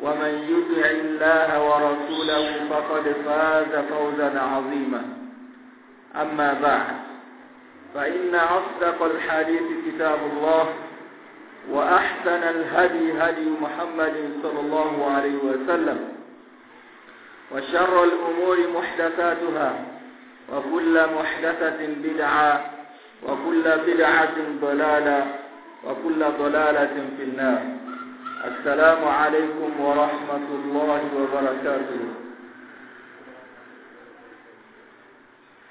ومن يطع الله ورسوله فقد فاز فوزا عظيما أما بعد فإن أصدق الحديث كتاب الله وأحسن الهدي هدي محمد صلى الله عليه وسلم وشر الأمور محدثاتها وكل محدثة بدعة وكل بدعة ضلالة وكل ضلالة في النار السلام عليكم ورحمة الله وبركاته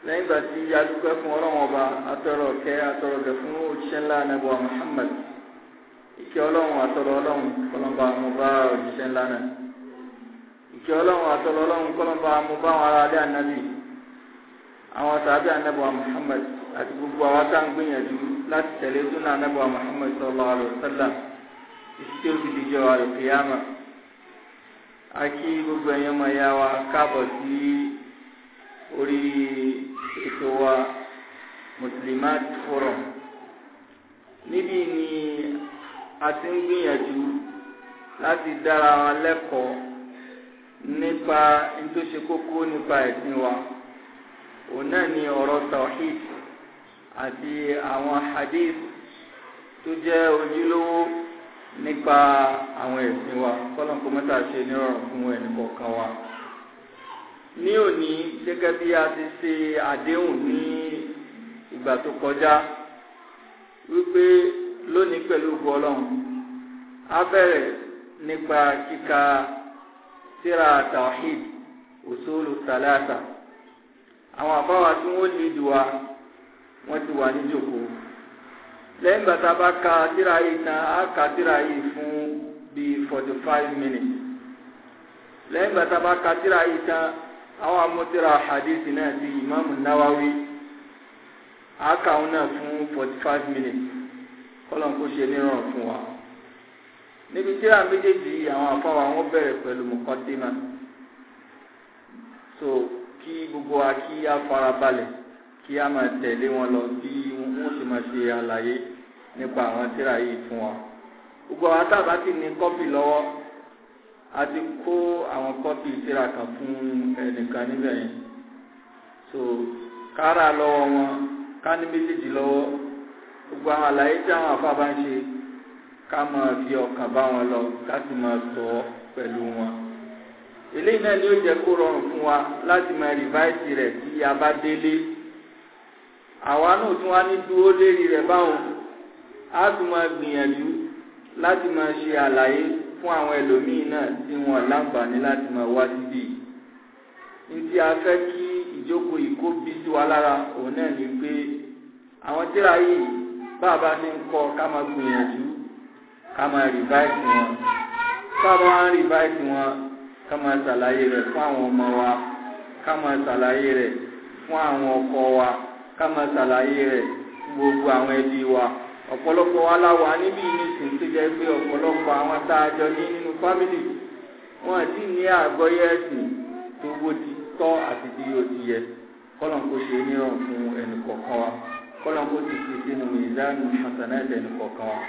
lẹ́yìn ìgbà tí a dúpẹ́ fún ọlọ́run ọba atọ́rọ̀ kẹ́ atọ́rọ̀ gẹ̀ fún òṣìṣẹ́ ńlá anábọ̀ Muhammad ìkẹ́ ọlọ́run atọ́rọ̀ ọlọ́run kọlọ́mbà amúbá òṣìṣẹ́ ńlá náà ìkẹ́ ọlọ́run atọ́rọ̀ ọlọ́run kọlọ́mbà amúbá àwọn ará alẹ́ ànábì àwọn sàbí anábọ̀ Muhammad àti gbogbo àwọn tá à ń gbìyànjú láti tẹ̀lé súnà anábọ̀ Muhammad sallallahu alaihi títí tí ó fi dìjọ àlùkìyàmà a kí gbogbo ẹ̀yàn máa yá wa káàbọ̀ sí orí ètò wa Muslimat Forum níbí ni a ti ń gbìyànjú láti dára wa lẹ́kọ̀ọ́ nípa tó ṣe kókó nípa ẹ̀sìn wa òun náà ni ọ̀rọ̀ tawhid àti àwọn hadith tó jẹ́ ojúlówó nípa àwọn ẹ̀sìn wa kọ́lọ̀ kó mẹ́ta ṣe ní ọ̀rọ̀ fún ẹnì kọ̀ọ̀kan wa ní òní gẹ́gẹ́ bí a ti ṣe àdéhùn ní ìgbà tó kọjá wípé lónìí pẹ̀lú ògùn ọlọ́run a bẹ̀rẹ̀ nípa kíka síra tawhid usulu salasa àwọn àbáwá tí wọ́n lè dùwà wọ́n ti wà níjòkó lẹ́yìn ìgbà tá a bá ka tírà yìí tán á ka tírà yìí fún bíi forty five minutes lẹ́yìn ìgbà tá a bá ka tírà yìí tán àwọn amútírà hadith náà ti ìmáàmù náwáwí á ka òun náà fún forty five minutes kọ́lọ̀ kó ṣe nírọ̀rùn fún wa níbi tírà méjèèjì àwọn afáwa wọn bẹ̀rẹ̀ pẹ̀lú mọ̀kọ́tìmá so kí gbogbo wa kí a fara balẹ̀ kí a máa tẹ̀lé wọn lọ bí wọ́n ṣe máa ṣe àlàyé nípa àwọn tíra yìí fún wa gbogbo àwọn tábà ti ní kọ́pì lọ́wọ́ a ti kó àwọn kọ́pì tíra kan fún ẹnìkan níbẹ̀ yẹn so kára lọ́wọ́ wọn ká ní méjèèjì lọ́wọ́ gbogbo àwọn àlàyé tí àwọn àfa bá ń ṣe ká máa fi ọkàn bá wọn lọ ká sì máa tọ̀ ọ́ pẹ̀lú wọn eléyìí náà ni ó jẹ́ kó rọrùn fún wa láti máa rìváìsì rẹ̀ tí a bá délé àwa náà tún wá ní dúró lérí rẹ̀ báwọn a tún máa gbìyànjú láti máa ṣe àlàyé fún àwọn ẹlòmíì náà tí wọ́n láǹfààní láti máa wá síbí ní tí a fẹ́ kí ìjókòó ìkó bí sí wa lára òun náà ni pé àwọn tíra yìí bàbá ní ń kọ ká máa gbìyànjú ká máa rìváìsì wọn bàbá wọn rìváìsì wọn ká máa ṣàlàyé rẹ̀ fún àwọn ọmọ wa ká máa ṣàlàyé rẹ̀ fún àwọn ọkọ wa ká máa ṣàlàyé rẹ̀ fún gbogbo àwọn ẹbí wa ọ̀pọ̀lọpọ̀ wa la wà níbi ìnísìn tó jẹ́ pé ọ̀pọ̀lọpọ̀ àwọn tá a jọ ní nínú fámìlì wọn àti ní àgbọ́yé ẹ̀sìn tó bó ti tọ́ àti bí ó ti yẹ kọ́lọ̀kọ́ ṣe níràn fún ẹnì kọ̀ọ̀kan wa kọ́lọ̀kọ́ ti fi sínú ìdánù hasanẹ́ẹ̀tì ẹnì kọ̀ọ̀kan wa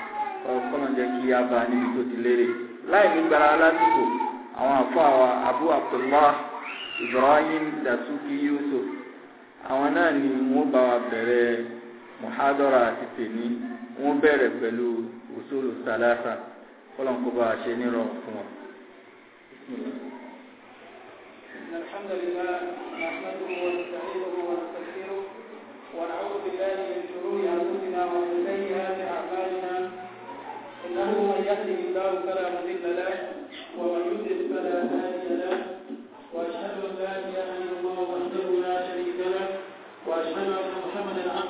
kọ́lọ̀ jẹ́ kí a bá níbi tó ti lérè láì ní gbára lásìkò àwọn àfọ àwa Abu Abdullah Ibrahim Dasuki Yusuf àwọn náà ni wọ́n bá wa bẹ̀rẹ̀ muhadara àti tèmi wọ́n bẹ̀rẹ̀ pẹ̀lú usulu salasa kọ́lọ́nkọ́ba àṣẹ nírọ̀ fún wọn. الحمد لله نحمده ونستعينه ونستغفره ونعوذ بالله من شرور انفسنا ومن سيئات اعمالنا انه من يهده الله فلا مضل له ومن يضلل فلا هادي له واشهد ان لا اله الا الله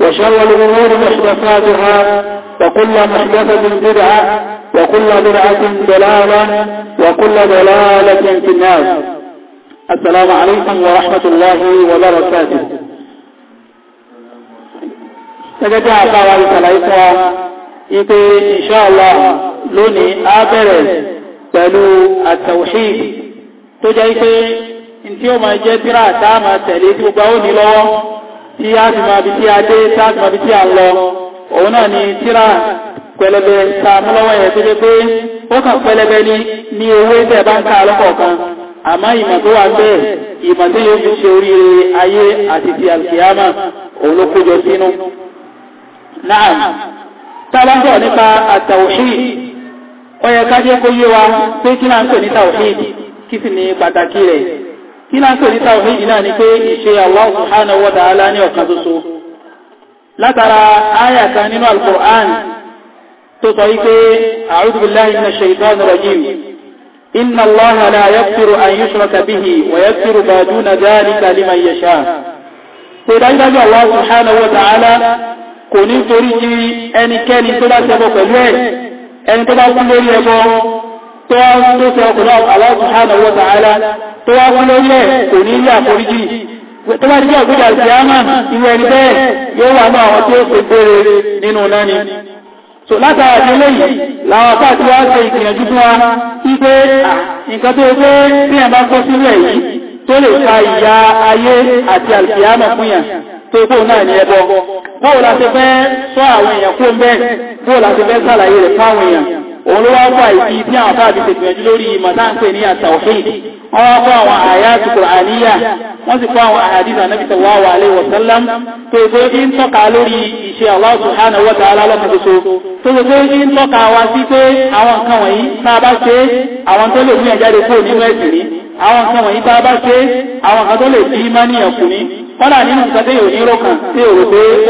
وشر الأمور محدثاتها وكل محدثة بدعة وكل بدعة دلالة وكل دلالة في الناس السلام عليكم ورحمة الله وبركاته سجد أعطاوا إن شاء الله tí a ti máa tí a alọ tí a lọ òun náà ni tíra pẹlẹbẹ sàmúlọ́wọ́ ẹ̀ tó jẹ́ pé ó kàn pẹlẹbẹ ni ní owó ẹgbẹ́ bá ń ká lọ́kọ̀ọ̀kan àmá ìmọ̀ tó wà bẹ́ẹ̀ ìmọ̀ tí yóò fi ṣe ayé àti ti alkiyama òun ló kójọ wa pé kí náà ń pè ní tàwòṣì kí sì ní pàtàkì kí láń pè ní tàwíìdì náà ni pé ìṣe Allah subhanahu wa ta'ala ní ọ̀kan ṣoṣo látara áyà kan nínú al-Qur'an tó sọ wípé a'udhu billahi minash shaitanir rajim inna Allaha la yaghfiru an yushraka bihi wa yaghfiru ma duna dhalika liman yasha pé dájúdájú Allah subhanahu wa ta'ala kò ní ṣe ọkùnrin Allah tó wá fún lórílẹ̀ kò ní ilé àforíjì tó bá jẹ́ ọ̀gbẹ́jà ìjàmà inú ẹni bẹ́ẹ̀ yóò wà náà àwọn tí ó pè pèrè nínú náà ni so látara ìdílé yìí láwọn àpáàtí wá ṣe ìgbìyànjú fún wa sí pé nǹkan tó gbé bí ẹ̀ bá kọ́ sílẹ̀ yìí tó lè fa ìyà ayé àti àlùkìyàmà fún yàn tó kó náà ní ẹbọ bóò láti fẹ́ sọ àwọn èèyàn kó ń bẹ́ bóò láti fẹ́ sàlàyé rẹ̀ fáwọn èèyàn òun ló wá wà ìdí tí àwọn àpáàtí ṣègbìyànjú lórí màtáǹpẹ̀ wọ́n wá kọ́ àwọn àyàtù Kùránìyà wọ́n sì kọ́ àwọn àhàdìsà Ànábì sallallahu alaihi wasallam tó ìgbé ń tọ́ka lórí iṣẹ́ Allah subhanahu wa ta'ala lọ́mọdéso tó ìgbé ń tọ́ka wá sí pé àwọn nǹkan wọ̀nyí tá a bá ṣe àwọn tó lè mú ẹ̀jáde kúrò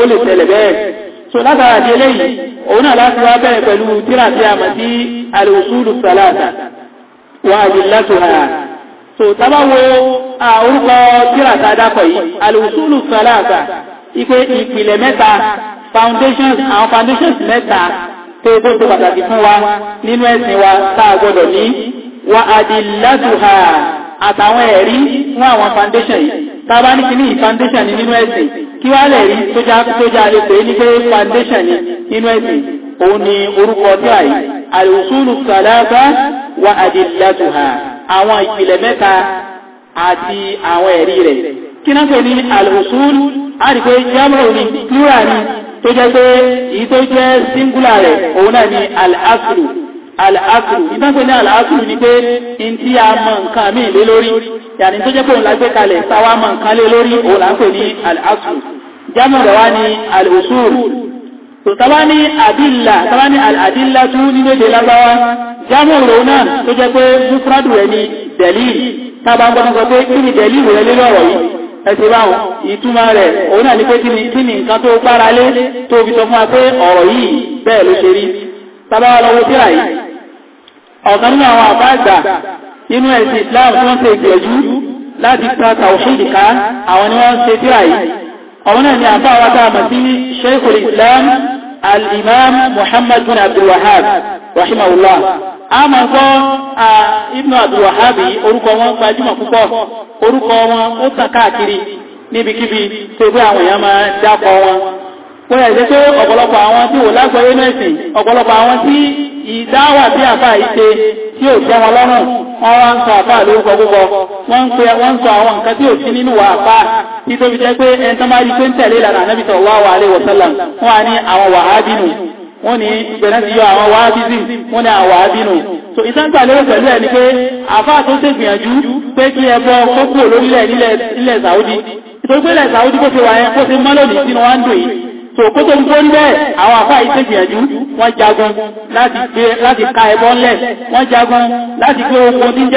nínú so látara àti eléyìí òun náà láti wá bẹ̀rẹ̀ pẹ̀lú tíra tí a mọ̀ sí al-usulu salata wa adillatuha so tabawo orúkọ tíra tá a dápọ̀ yìí alùsùlù sọ́láàbà ipe ìpìlẹ̀ mẹ́ta foundations àwọn foundations mẹ́ta tó tó tó pàtàkì fún wa nínú ẹ̀sìn wa tá a gbọ́dọ̀ ní wa adìlátùhà àtàwọn ẹ̀rí fún àwọn foundation yìí tàbá ní kìíní foundation ni nínú ẹ̀sìn kí wá lè tó já lè pè ní pé foundation ni nínú ẹ̀sìn òun ni orúkọ tíra yìí alùsùlù sọ́láàbà wa adìlátùhà àwọn ìpìlẹ̀ mẹ́ta àti àwọn ẹ̀rí rẹ̀ kí náà pè ní al àríkò jámọ̀ ní plural ni tó jẹ́ pé èyí tó jẹ́ singular rẹ̀ òun náà ni al-aslu al-aslu ìtànkù ní al-aslu ni pé in tí a mọ̀ nǹkan mí lé lórí yàní tó jẹ́ pé òun lágbé kalẹ̀ sáwá mọ̀ nǹkan lé lórí òun là ní al jámọ̀ jámọ̀ òun náà tó jẹ́ pé búfúrádù rẹ̀ ni dẹ̀líìlì tábà gbọ́nà sọ pé kí ni dẹ̀líìlì rẹ̀ lórí ọ̀rọ̀ yìí ẹ̀sẹ̀ báwọn ìtumọ̀ rẹ̀ òun náà ni pé kí ni kí ni nǹkan tó gbára lé tó fi sọ fún wa pé ọ̀rọ̀ yìí bẹ́ẹ̀ ló ṣe rí tábà wà lọ́wọ́ síra yìí ọ̀kan nínú àwọn àbá àgbà nínú ẹ̀sìn Islam tí wọ́n ṣe ìgbìyànjú láti ta tàwùsùn ìka àwọn ni wọ́n ṣe síra yìí ọ̀wọ́n náà ni àbá wa tá a mọ̀ sí Sheikhul Islam al-Imam Muhammad bin Abdul Wahhab rahimahullah a máa gbọ́ Ibn Abdul Wahhab orúkọ wọn gbajúmọ̀ púpọ̀ orúkọ wọn ó tàn káàkiri níbikíbi tó gbé àwọn èèyàn máa wọn wọ́n yẹ̀ pé ọ̀pọ̀lọpọ̀ àwọn tí wò lágbọ́yé mẹ́sìn ọ̀pọ̀lọpọ̀ àwọn tí ìdáwà àfà tí ò wọn lọ́rùn wọ́n wá ń sọ àfà lórúkọ gbogbo wọn ń sọ àwọn nǹkan tí ò sí nínú wà àfà jẹ́ pé ẹni wọ́n ní bẹ̀rẹ̀ sí yọ àwọn wáábízì wọ́n ní àwọn so ìsáǹgbà lérò pẹ̀lú ẹ̀ ni pé àfáà tó ṣe gbìyànjú pé kí ẹbọ kókò lórílẹ̀ nílẹ̀ Saudi nítorí pé ilẹ̀ Saudi kó ṣe wà yẹn kó ṣe mọ́ lónìí sínú wá yìí so kó tó ń gbó ní bẹ́ẹ̀ àwọn àfáà yìí ṣe gbìyànjú wọ́n jagun láti gbé láti ka ẹbọ ńlẹ̀ wọ́n jagun láti gbé ogun tí ń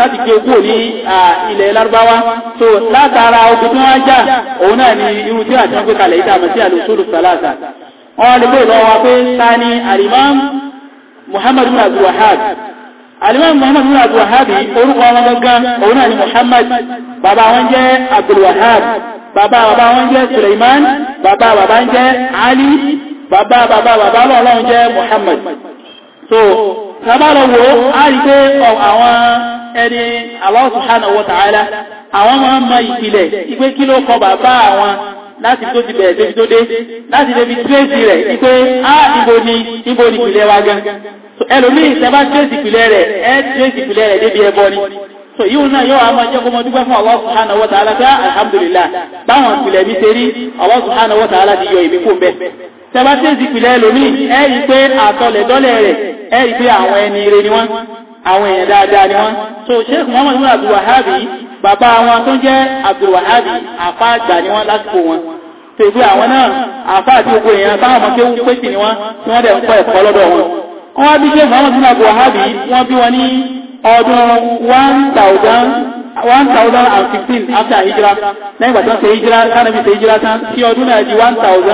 láti gbé ogun ní ilẹ̀ Lárúbáwá so látara ogun tí wọ́n já òun náà ni irú tí àti wọ́n gbé kalẹ̀ ìdààmú sí àlùsùlù sàlàsà wọ́n lè bèèrè lọ́wọ́ pé ta ni alimam muhammad bin abdul wahab alimam muhammad bin abdul wahab orúkọ wọn gangan òun náà ni muhammad bàbá wọn jẹ́ abdul wahab bàbá bàbá wọn jẹ́ suleiman bàbá bàbá jẹ́ ali bàbá bàbá bàbá lọ́wọ́ jẹ́ muhammad so sábàlọ̀ wo a rí pé àwọn ẹni Allah subhanahu wa ta'ala àwọn máa ń mọ ìpìlẹ̀ ìpé láti tó ti bẹ̀rẹ̀ débi tó dé láti débi tírèsì rẹ̀ ní pé á ah, ibo ni ibo ni ìpìlẹ̀ wa gan ẹlòmíì ìsẹ́bá tírèsì ìpìlẹ̀ rẹ̀ ẹ tírèsì ìpìlẹ̀ rẹ̀ débi ẹbọ ni so yíò náà yóò àmà jẹ́ kọmọ dúgbà fún Allah subhanahu wa ta'ala ah, alhamdulillah báwọn ìpìlẹ̀ mi ṣe rí Allah subhanahu wa ta'ala ti yọ ìbí kún bẹ́ tẹba tí èsì ìpìlẹ̀ lómi ẹ̀rí pé àtọlẹ̀dọ́lẹ̀ rẹ̀ ẹ̀rí pé àwọn ẹni ire ni wọ́n àwọn èèyàn dáadáa ni wọ́n so Sheikh Muhammad ibn Abdul Wahhab bàbá wọn tó jẹ́ Abdul Wahhab àfáàgbà ni wọ́n lásìkò wọn tèbí àwọn náà àfáà tí ogun èèyàn táwọn ọmọ kéwú pé tì ní wọ́n tí wọ́n dẹ̀ ń kọ́ ẹ̀kọ́ lọ́dọ̀ wọn wọ́n bí ṣe fọ́nà sínú àbò àhábì wọ́n bí wọn ní ọdún 1015 after hijra lẹ́yìn gbàtán ṣe hijra kánàbí ṣe hijra tán tí ọdún náà di 1015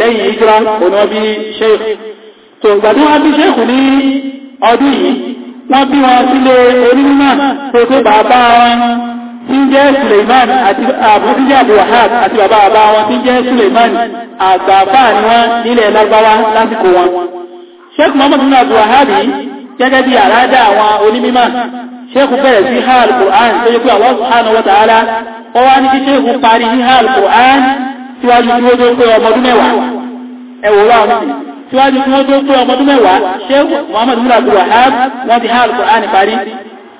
lẹ́yìn hijra ọ̀nà bí sheikh so gbàtán wọ́n bí sheikh ní ọdún yìí wọ́n bí wọn sílé onímọ̀ tó pé bàbá wọn tí Suleiman àti àbúrúdíjà Abdulwahab àti bàbá bàbá wọn tí jẹ́ Suleiman àgbàfà ni nílẹ̀ lágbáwá lásìkò wọn Sheikh Muhammad bin Abdulwahab gẹ́gẹ́ bí àrádà àwọn onímímọ̀ Sheikh bẹ̀rẹ̀ sí ha al tó yẹ pé ní quran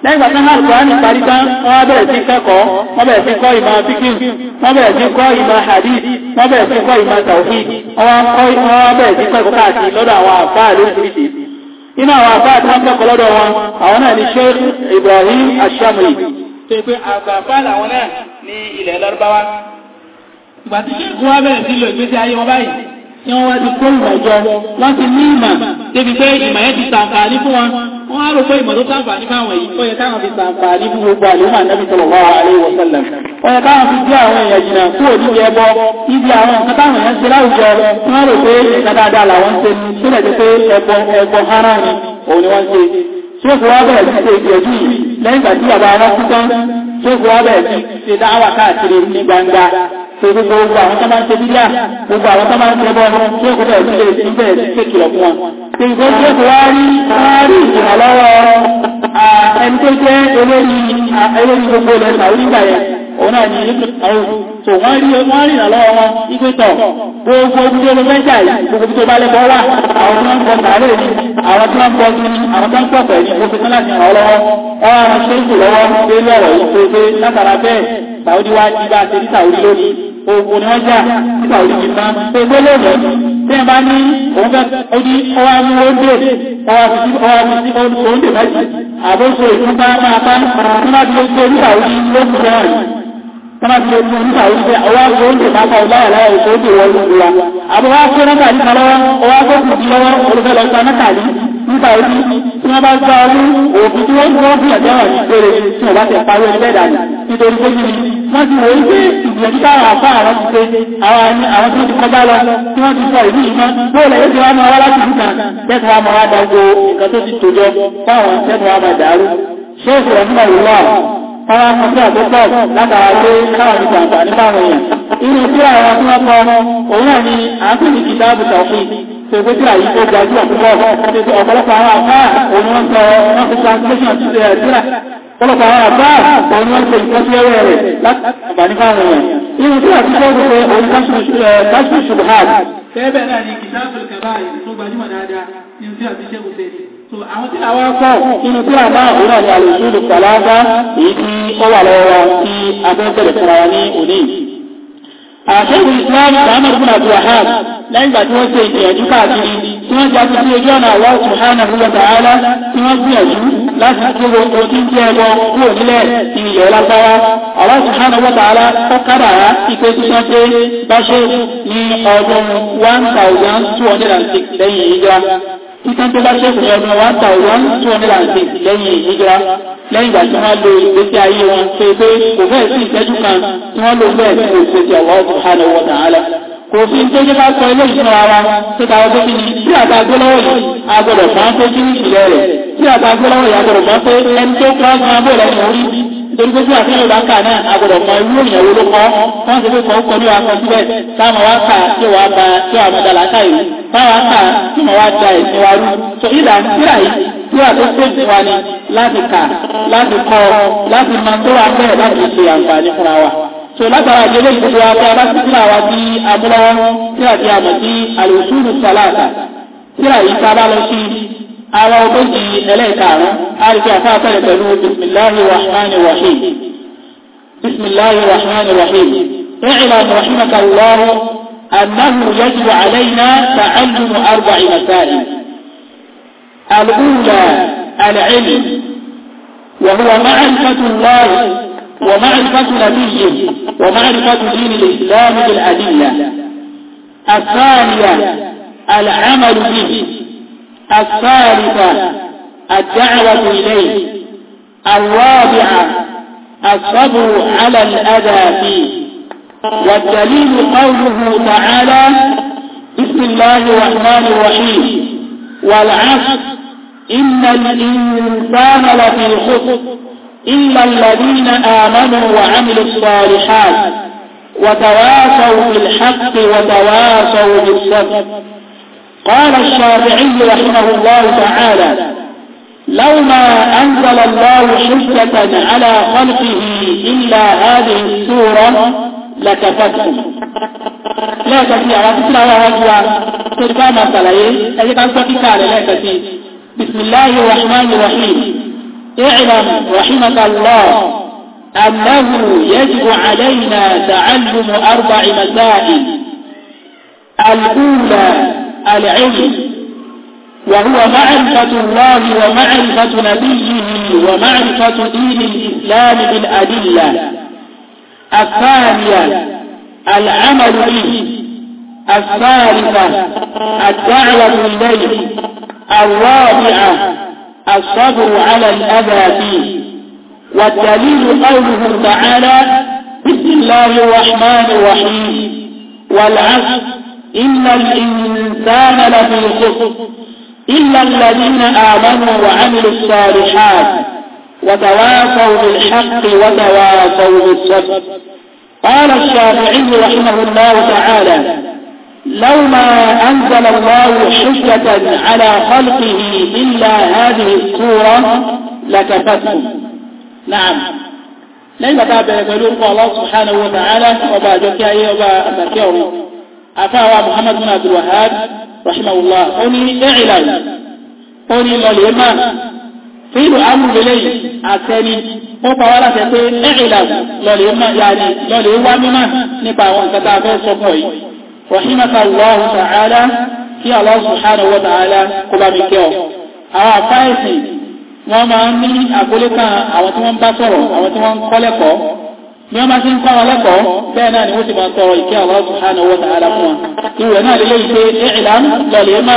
lẹ́gbà tán hàn parí tán wọ́n bẹ̀rẹ̀ sí kẹ́kọ̀ọ́ wọ́n bẹ̀rẹ̀ sí kọ́ ìmọ̀ fíkín wọ́n bẹ̀rẹ̀ sí kọ́ ìmọ̀ hadith wọ́n bẹ̀rẹ̀ sí kọ́ ìmọ̀ tàwí wọ́n bẹ̀rẹ̀ sí lọ́dọ̀ àwọn àfáà lóríṣiríṣi inú tí wọ́n wá ti kó ìmọ̀ ìjọ wọ́n ti ní ìmọ̀ débi pé ìmọ̀ yẹn ti sàǹfààní fún wọn wọ́n á rò pé ìmọ̀ tó sàǹfààní fáwọn èyí ó yẹ káwọn fi sàǹfààní fún gbogbo àlùmọ̀ ànábì sallallahu alaihi wasallam ó yẹ káwọn fi dí àwọn èèyàn jìnnà kúrò níbi ẹbọ ibi àwọn nǹkan táwọn èèyàn ṣe láwùjọ wọ́n rò pé nǹkan dáadáa làwọn ṣe tó lẹ̀ jẹ́ pé ẹbọ ẹbọ haram ni òun ni wọ́n ṣe tí ó fi wá bẹ̀rẹ̀ sí ṣe ìgbẹ̀jú yìí lẹ́yìn ìgbà tí bàbá wọn kú tán tí ó fi wá bẹ̀rẹ̀ sí ṣe dáwà káàkiri ní gbangba torí gbogbo àwọn tó máa ń ṣe bílá gbogbo àwọn tó máa ń ṣe bọ́ ọdún tí ó kó bẹ̀rẹ̀ sílẹ̀ sí bẹ̀rẹ̀ sí kékìlọ̀ fún wọn. tí ó jẹ́ kó wá rí rí ìrànlọ́wọ́ ẹni tó jẹ́ olórí gbogbo ilẹ̀ sàúrí gbà yẹn òun náà ní àwọn tó wọ́n rí wọ́n rí ìrànlọ́wọ́ wọn ipe tọ̀ gbogbo ibi tó ló fẹ́ jà yìí gbogbo ibi tó bá lẹ́bọ̀ wà àwọn tó ń bọ sàárè ni àwọn tó ń bọ sí ni àwọn tó ń pọ̀ pẹ̀lú ìwé oògùn ni wọ́n jà nígbà orí yìí máa pé gbólóògbé tí ẹ bá ní òun fẹ́ ó ní ọwá ní oúnjẹ ọwá fi sí ọwá fi sí oúnjẹ báyìí àbóso ìfúnpá máa bá nígbà tí ó gbé nígbà orí lóògùn náà tọ́lá ti ojú nípa wípé ọwá kó oúnjẹ máa kọ ọlá ọ̀la ẹ̀kọ́ oúnjẹ wọ́n ló wá àbúrò kó nípa lọ́wọ́ ọwá sí lọ́wọ́ olùfẹ́ bá gba ọdún òfin tí wọ́n gbọ́ wọ́n ti wòye pé ìgbìyànjú táwọn àpá àwọn ti pé àwọn tí wọ́n ti kọjá lọ tí wọ́n ti sọ ìlú yìí mọ́ bóòlù ẹ̀yẹ́ ti wá máa wá láti ìlú kan tẹ́tù wá máa wá dágbó nǹkan tó ti tòjọ fáwọn tẹ́tù wá máa dàrú ṣéèkì ọ̀nà ìwà àwọn akọ̀tí àgbẹ́pọ̀ látara pé káwọn ti gbàgbà nípa àwọn èèyàn irú tí àwọn tí wọ́n kọ òun náà ni à ń pè ní kìtàbù tàfíì tẹ̀gbẹ́ tí àyí tó gbajú ọ̀pọ̀lọpọ̀ ọ̀pọ̀lọpọ̀ àwọn àpá òun wọ́n sọ wọ́n fi translation ti ṣe ẹ̀dúrà Ọlọ́pàá àwọn àbá àwọn ọmọ ìṣẹ́ ìfọ́sílẹ̀ rẹ̀ láti àbàní fáwọn èèyàn. Irú tí a ti fọ́ gbogbo orí káṣù ṣùgbọ́n. Fẹ́ẹ̀bẹ̀ náà ni kìtàbù kẹfà tó gbajúmọ̀ dáadáa ní tí a ti ṣẹ́gun tẹ̀. So àwọn tí àwọn akọ́ inú tí a máa òun àti àlùsúdù pàlásá èyí tí ó wà lọ́wọ́ tí a fẹ́ bẹ̀rẹ̀ fún ara ní òní. Àṣẹ́gun Ìsìláàmù Muhammad bin Abdulwahab lẹ́yìn ìgbà tí wọ́n ṣe láti tó wo ojú jẹ́ ẹgbọ́ kúrò nílẹ̀ ìyẹ̀ lágbára Allah subhanahu wa ta'ala kọ́kàrà ìpé tuntun pé báṣẹ́ ní ọdún 1206 lẹ́yìn ìjọra títán tó bá ṣẹ́kù ní ọdún 1206 lẹ́yìn ìjọra lẹ́yìn ìgbà tí wọ́n lo ìgbésí ayé wọn pé pé kò fẹ́ sí ìtẹ́jú kan tí wọ́n lo bẹ́ẹ̀ sí òṣèṣì Allah subhanahu wa ta'ala kò fi ń tẹ́jẹ́ bá sọ ilé ìṣúná ara tí ta ọdún kí ni tí àtàgbélọ́wọ́ yìí agbọ́dọ̀ fún án kí ní ìṣẹ̀lẹ̀ rẹ̀ tí a gbọ́láwọ̀ yà gbọ́dọ̀ gbọ́ pé ẹni tó kọ́ gan bó lọ́mọ orí nítorí pé tí àfihàn bá kà náà agbọ́dọ̀ mọ irú èèyàn wo ló kọ́ wọ́n ti fi kọ́ kọ́ ní akọ síbẹ̀ táwọn wá kà tí wàá ba tí wàá mọ̀dà látà yìí táwọn kà tí wọ́n wá da ẹ̀sìn wa rú tó ìlà ń tíra yìí tíra tó tó ìsìn wa ni láti kà láti kọ́ láti mọ tó wà bẹ́ẹ̀ láti ṣe àǹfààní fúnra wa so látara ìdílé ìdílé wa bá ti tíra wa ní amúlọ́wọ́ tíra ti àmọ̀ sí àlòsúrù sàlàtà tíra yìí bá lọ sí àwọn ogójì ẹlẹ́ẹ̀kàrún àríkí بسم الله الرحمن الرحيم بسم الله الرحمن الرحيم اعلم رحمك الله أنه يجب علينا تعلم أربع مسائل الأولى العلم وهو معرفة الله ومعرفة نبيه ومعرفة دين الإسلام بالأدلة الثانية العمل به الثالثة الدعوة إليه الرابعة الصبر على الأذى فيه والدليل قوله تعالى بسم الله الرحمن الرحيم والعصر إن الإنسان لفي خطر إلا الذين آمنوا وعملوا الصالحات وتواصوا بالحق وتواصوا بالصبر قال الشافعي رحمه الله تعالى لو ما أنزل الله شدة على خلقه إلا هذه السورة لكفتهم لا sí على فكرة àwọn ọmọ ìwà tó bá máa sàlàyé اعلم رحمك الله أنه يجب علينا تعلم أربع مسائل الأولى العلم وهو معرفة الله ومعرفة نبيه ومعرفة دين الإسلام بالأدلة الثانية العمل به الثالثة الدعوة إليه الرابعة الصبر على الأذى فيه والدليل قوله تعالى بسم الله الرحمن الرحيم والعصر إن الإنسان لفي خسر إلا الذين آمنوا وعملوا الصالحات وتواصوا بالحق وتواصوا بالصبر قال الشافعي رحمه الله تعالى لو ما أنزل الله حجة على خلقه إلا هذه السورة لكفتهم نعم لما تابع ذلك الله سبحانه وتعالى وبعد جكاية وبا أمكيرون afáwa muhammadu bin abdul wahab rahimahullah ó ní ẹ̀ẹ́lá ó ní lọlẹ̀ máa fílù amúlélẹ̀ àtẹni ó pa wá láti pé ẹ̀ẹ́lá lọlẹ̀ máa yàní lọlẹ̀ wá mímá nípa àwọn nǹkan tá a fẹ́ sọ rahimahullah ta'ala kí Allah ní ọmọ sí ń kọ́ ọlọ́pọ̀ bẹ́ẹ̀ náà ni wọ́n ti máa tọrọ ìkẹ́ Allah subhanahu wa ta'ala fún wọn ìwẹ̀ náà lè léyìí pé i'lam lọ́lẹ́mà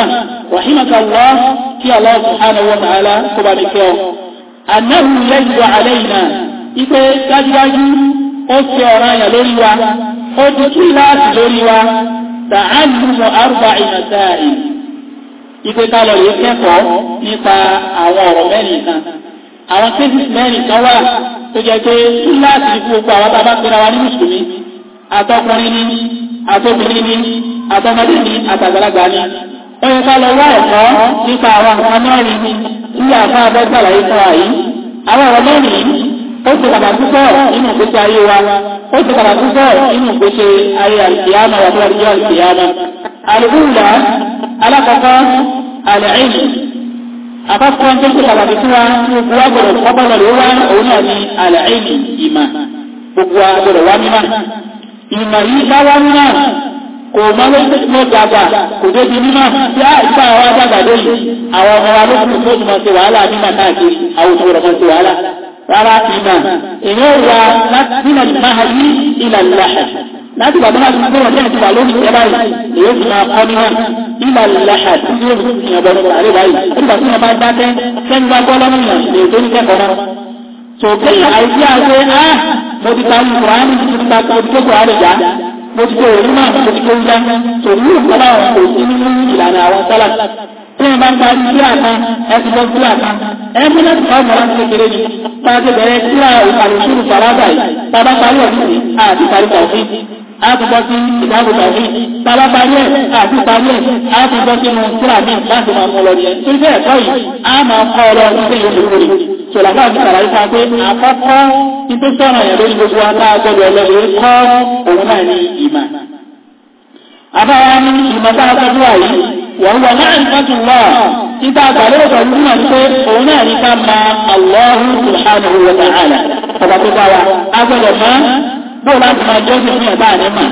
rahimakallah kí Allah subhanahu wa ta'ala kó bá ní kẹ́ ọ annahu yajibu alayna ipe dájúdájú ó ṣe ọ̀ràn yà lórí wa ó dúdú láti lórí wa ta'allumu arba'i masail ipe ká lọ kẹ́kọ̀ọ́ nípa àwọn ọ̀rọ̀ mẹ́rin kan àwọn kéfìs mẹ́rin kan wà tó jẹ́ pé túláàsì fún gbogbo àwọn bàbá pera wa ní mùsùlùmí àtọkùnrin ni àtọkùnrin ni àtọmọdé ni àtàgbàlagbà ni ó yẹ ká lọ wá ẹ̀kọ́ nípa àwọn nǹkan mẹ́rin ni ilé àfáà bẹ́ sàlàyé fún wa yìí àwọn ọ̀rọ̀ mẹ́rin yìí ó ti padà púpọ̀ nínú ìgbésí ayé wa ó ti padà púpọ̀ nínú ìgbésí ayé àlùkìyàmà wà fún àlùkìyàmà àlùkùnlá alákọ̀ọ́kọ́ àkọ́kọ́ tó ṣe pàtàkì fún wa tí gbogbo wa gbọ́dọ̀ kọ́kọ́lọ̀ ló wá òun náà ni àlàáìlì ìmà gbogbo wa gbọ́dọ̀ wá mímà ìmà yìí bá wá mímà kò mọ́ ló dàgbà kò débi mímà tí a ìgbà àwọn àgbàgbà lóyìn àwọn ọmọ wa ló tó túnmọ̀ sí wàhálà mímà káàkiri àwọn òṣèlú ọmọ sí wàhálà rárá ìmà èèyàn wà láti láti bàbá láti gbọ́ ọ̀dẹ́ àti wà lórí ìjọba yìí èyí ti máa kọ́ níwọ̀n nígbà láṣà tí yóò fi ìyàn bọ̀ nípa àríwá yìí nígbà tí wọ́n bá dákẹ́ sẹ́ni bá gbọ́ lọ́nà èyí tó ní kẹ́kọ̀ọ́ náà. tó kéèyàn àìsí àṣẹ á ah, mo ti ta kùránì mo ti ta mo ti tó kùránì já mo ti tó òní máa mo ti tó ń já tó ní ìfọ́lá kò sí nínú ìlànà àwọn sálà tí wọ́n bá ń parí sí àkan ẹ ti bọ́ sí àkan ẹ mú láti fọ́ mọ́ra ní kékeré ni tá a ti bẹ̀rẹ̀ sí àwọn ìpàdé sùúrù fàlàbà yìí tá a bá parí ọ̀dún yìí àti parí kàwé àtúbọ̀ sí ìdáàbò tàbí bàbá parí ẹ̀ àti parí ẹ̀ àtúbọ̀ sí mu síra mi láti máa mú lọ yẹn torí bẹ́ẹ̀ ẹ̀kọ́ yìí a máa kọ́ ọ lọ sí ìlú rẹ̀ sọ̀làfà àti sàlàyé fún pé àkọ́kọ́ ibi sọ̀rọ̀ yẹn lórí gbogbo wa náà kọ́ òun náà ní ìmà àbára ní ìmọ̀ tá a tọ́jú wà yìí wọ́n wọ́n náà ń tọ́jú wà títà àgbàlẹ́ ọ̀sán ní ìmọ̀ pé òun náà ní ká máa Allahu subhanahu wa ta'ala ọ̀pọ̀ tó bá wa a gbọ́dọ̀ bó láti máa jọ́ sí fún ẹ̀bá rẹ̀ mà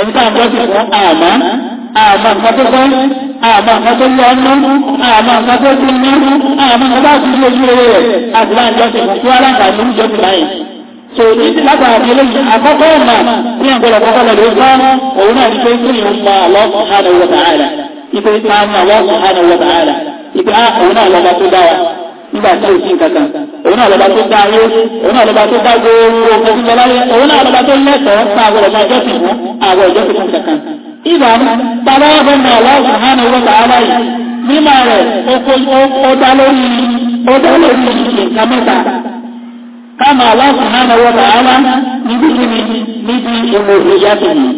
ẹni tá à ń jọ́ sí fún àmọ́ àmọ́ nǹkan tó kọ́ àmọ́ nǹkan tó yọ ọ́nú àmọ́ nǹkan tó kú ní àmọ́ nǹkan bá ti lójú owó rẹ̀ àti láti jọ́ sí fún kí wọ́n láǹkà ní ìjọ́ sí báyìí so ní látàrí eléyìí àkọ́kọ́ ọ̀nà ní ọ̀pọ̀lọpọ̀ kọ́kọ́ lọ lórí bá òun náà ní pé kí ni ó ń pa Allah subhanahu wa ta'ala ìpè Allah subhanahu wa ta'ala ìpè àwọn ah, náà lọ́mọ tó nígbà tí ó sí kankan òun náà lọ́ba tó dá ayé òun náà lọ́ba tó dá gbogbo òkú tó lọ́láyé òun náà lọ́ba tó lẹ́tọ̀ọ́ fún àwọn ọ̀gá ìjọsìn fún àwọn ìjọsìn fún kankan. ibà bàbá ọ̀bẹ ní Allah subhanahu wa ta'ala yìí mímọ̀ rẹ̀ ó dá lórí ó dá lórí nǹkan mẹ́ta kama Allah subhanahu wa ta'ala níbi kíni níbi ìmọ̀ ìyàtọ̀ yìí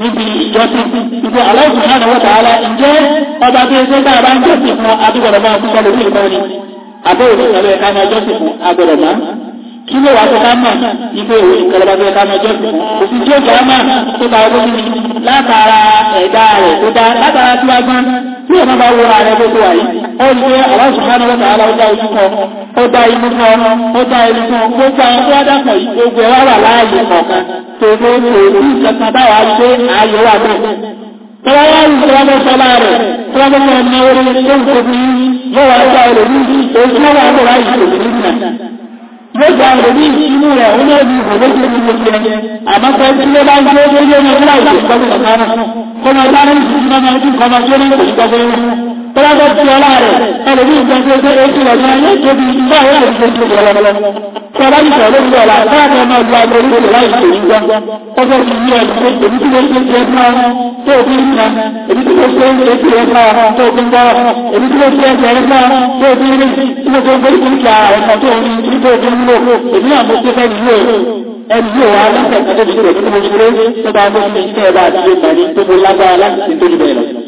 níbi ìjọsìn ìgbò Allah subhanahu wa ta'ala ǹjẹ́ ọba tó ṣe dáa bá ń jọ́sìn fún adúgbò àbẹ́wò ní ìkàlẹ̀ ẹ̀ka máa jọ́sìn fún agbọ̀dọ̀ máa kí ló wà tó ká mọ̀ ife ìwé ìkọlọ́ba tó ká mọ̀ jọ́sìn fún kò sí tí ó jọ́ mọ̀ tó bá ọdún mi látara ẹ̀dá rẹ̀ tó bá látara tí wàá gbọ́n tí ìwọ̀n bá wọ ara bó tó wà yìí ó ní pé àwọn sùnmọ́nà wọ́n tààrà ó dá ojú kan ó dá inú kan ó dá ẹni kan gbogbo àwọn tó wá dàpọ̀ yìí gbogbo ẹ̀ wá wà láàyè kọ̀ọ̀kan tó tó tó ní ìjọba báwa wà náà tọ́wọ́ wá rí ìjọba mọ́sọ́lá rẹ̀ tọ́wọ́ yóò wá gba ẹlòmíì ojú ọ̀rọ̀ àbúrò ayé yóò gba ẹlòmíì inú rẹ̀ ó náà di ìbò gbogbo ẹ̀ àmọ́ pé ló bá ń gbé lójú ọmọ ìlú àìsàn ìgbàgbọ́ kọ́nà kọ́nà bá ní ìsìnkú náà ní kọ́nà tó ní ìgbàgbọ́ tọ́lágbà tí ọlá rẹ̀ ẹlòmí nǹkan tí ó gbé èsì lọ́jọ́ ayé tóbi ìgbà àwọn òṣìṣẹ́ tó gbọ́ lọ́wọ́lọ́wọ́ tí ọlá ní sọ̀rọ̀ lórí ọ̀la káàkiri ọmọ ìlú agbórí lórí láì ṣe ìgbà ọjọ́ ti yí ẹni pé èmi tí mo ṣe ti ẹgbẹ́ ọ̀rọ̀ tó o fi ń kan èmi tí mo ṣe ń ṣe ti ẹgbẹ́ ọ̀rọ̀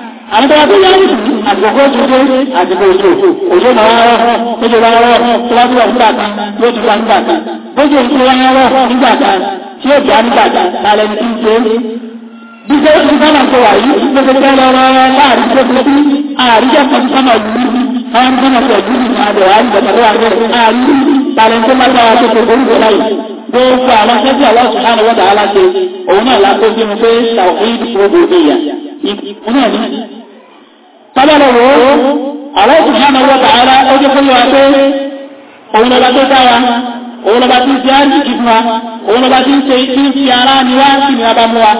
àmìtọ́wà tó yára àtìkò òṣèlú àtìkò òṣèlú òṣèlú àwọn ọ̀rọ̀ ojú wa ọ̀rọ̀ tó wá síwá nígbà kan yóò ti wá nígbà kan bójú òṣù wa ọ̀rọ̀ nígbà kan tí yóò jà nígbà kan lálẹ́ ní kí n ṣe bí ṣe ń sọ́nà tó wà yìí ló ṣe tẹ́lẹ̀ ọ̀rọ̀ láàrin tó ṣe bí àríjẹ́ pọ̀ sọ́nà yìí àwọn sọ́nà tó yìí ní àdọ̀ àríjẹ́ àárín tàlẹ́ńtó máa gbára tó ṣe orúkọ láyìí gbogbo àwọn sẹ́jú àwọn sùhánà wọ́dà aláṣẹ òun náà lápò sínú pé ṣàwọ̀ fún ìdíkùn ògbò ìyà ìkùn náà ní tábàlọ̀ wò ó Allah subhanahu wa ta'ala ó jẹ́ fún wa pé òun ọba tó dára òun ọba tí ń ṣe áríkì fún wa òun ọba tí ń ṣe tí ń fi ara ni wá sí ni abá mú wa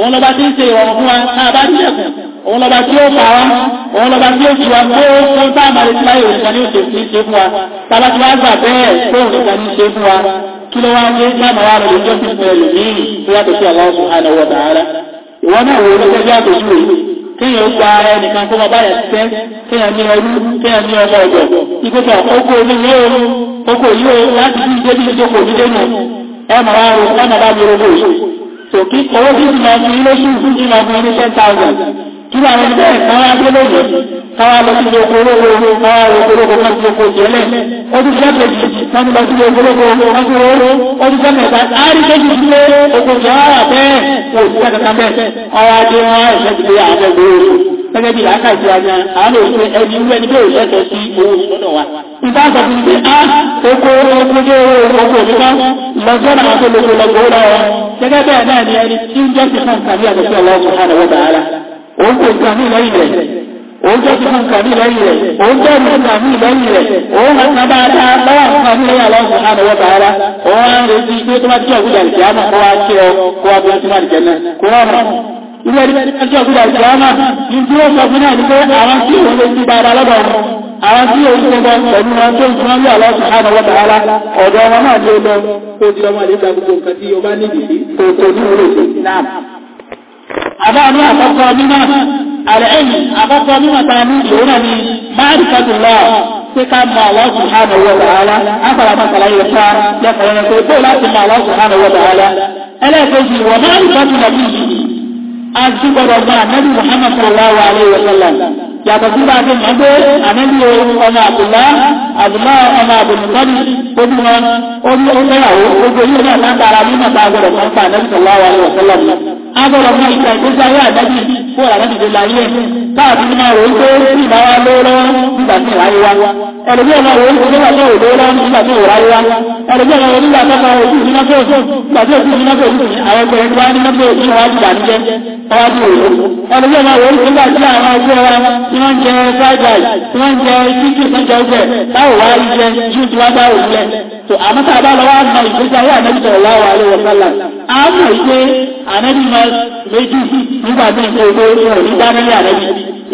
òun ọba tí ń ṣe ìrọ̀rùn fún wa tá a bá nílẹ̀kùn òun ọba tí ó fà wá òun ọba tí ó fi wa pé ó fún tá a máa lè ti láyé òun kan ní òṣèlú ní ṣe fún wa tábà tí wá gbà bẹ́ẹ̀ pé òun kan ní ṣe fún wa kí ló wá ń gbé láàmú wa lọ lójó fún ẹlòmíì tó kíyàn ó gba ara ẹnìkan kó máa báyà ṣiṣẹ́ kíyàn ní ẹrú kíyàn ní ọmọ ọ̀dọ̀ ìgbésọ̀ oko onílé ooru oko yìí láti bí ìdébí ìjókòó ní dénú ẹ máa wá ro ẹ máa bá mi rogo yìí tòkí owó fífi máa fún ilé ṣùgbọ́n fún ilé ten thousand Nígbà wọn bẹ́ẹ̀ káwá gbólógbò, káwá lọ sí oko olóko owó, káwá oko olóko kan sí oko jẹ́lẹ̀. Ọdún sẹ́kẹ̀jì, wọ́n lọ sí oko olóko owó, wọ́n kúrò owó. Ọdún sẹ́kẹ̀ta, àárí kéjì sí lé oko jẹ́wàrà bẹ́ẹ̀, kò sí sẹ́kẹ̀ta bẹ́ẹ̀. Ọwọ́ adé wọn ẹ̀ṣẹ́ ti lé àwọn ẹgbẹ́ owó. Gẹ́gẹ́ bí làákàtí wa ni àwọn òṣèré ẹni wú ẹni bẹ́ẹ̀ lẹ́tọ̀ọ́ sí owó ìlọ́dọ̀ wa. Ìta sọ fún mi pé, "Ah, oko oko jẹ́ ó ń pè nǹkan ní lẹ́yìn rẹ̀ ó ń jọ́sí fún nǹkan ní lẹ́yìn rẹ̀ ó ń jẹ́rìí nǹkan ní lẹ́yìn rẹ̀ ó ń hàn kan dáadáa lọ́wọ́ nǹkan ní lẹ́yìn aláwọ̀ fún àwọn ọ̀tá ara ó wá ń retí pé tó bá tí ọ̀gbìn àlìkè àmọ́ kó wá ṣe ọ kó wá bí wọ́n ti máa dìkẹ́ náà kó wá mọ̀ ilé ẹni tí ọjọ́ ìgbà ìjọ́mà ní tí ó sọ fún náà ní pé àwọn tí òun lè ti bára lọ́dọ̀ wọn àwọn tí òun tó bọ́ pẹ̀lú wọn tó ìfún wọn ní àlọ́sùn àdọ̀wọ́ta ara ọ̀dọ̀ wọn náà tí ó lọ tó di ọmọ àdéjà gbogbo nǹkan tí ó bá nídìí tó tó ní orí òfin náà àbáàní àkọ́kọ́ mímọ̀ àlẹ́yìn àkọ́kọ́ mímọ̀ ta ní ìwúrọ̀ ni máàrífàdùnlọ́ pé ká mọ Allah subhanahu wa ta'ala ápàlàmọ́sàlá yẹ fún lẹ́kọ̀ọ́ pé bó láti mọ Allah subhanahu wa ta'ala ẹlẹ́ẹ̀kejì wọ máàrífàdùnlọ́ yìí agbúgbọ́dọ̀ gba ànábì Muhammad sallallahu alayhi wa sallam yàtọ̀ sí bá a ti mọ̀ pé ànábì ọmọ àbùlá àbùlá ọmọ àbùnúkọ́ni ojú wọn ó ní ó fẹ́yàwó ojú orí ọmọ àtàkàrà mímọ̀ tá a gbọ́dọ̀ kan pa ànábì sallallahu alayhi wa sallam agbọ́dọ̀ mú ìgbà ìgbésí ayé àdájú kó àdájú tó láyé ẹ̀ káàkiri máa rò ó pé tí lọ́wọ́ nígbà tí ìráyé wa ẹlòmí ọ̀nà rò ó nígbà tí òdó lọ́wọ́ nígbà tí òráyé wa ẹlòmí ọ̀nà rò nígbà tí ojú ìdíná tó ní àwọn nígbà tí ojú wa ti dàníjẹ́ ọwá ti òyò ọ̀nà rò nígbà tí àwọn wá so àmọ́ tá a bá lọ wá na ìgbésí ayé ànábì sallallahu alaihi wasallam á mọ̀ ìgbé ànábì máa méjì nígbà tí nǹkan ìgbé ìwọ̀n ní dánilé ànábì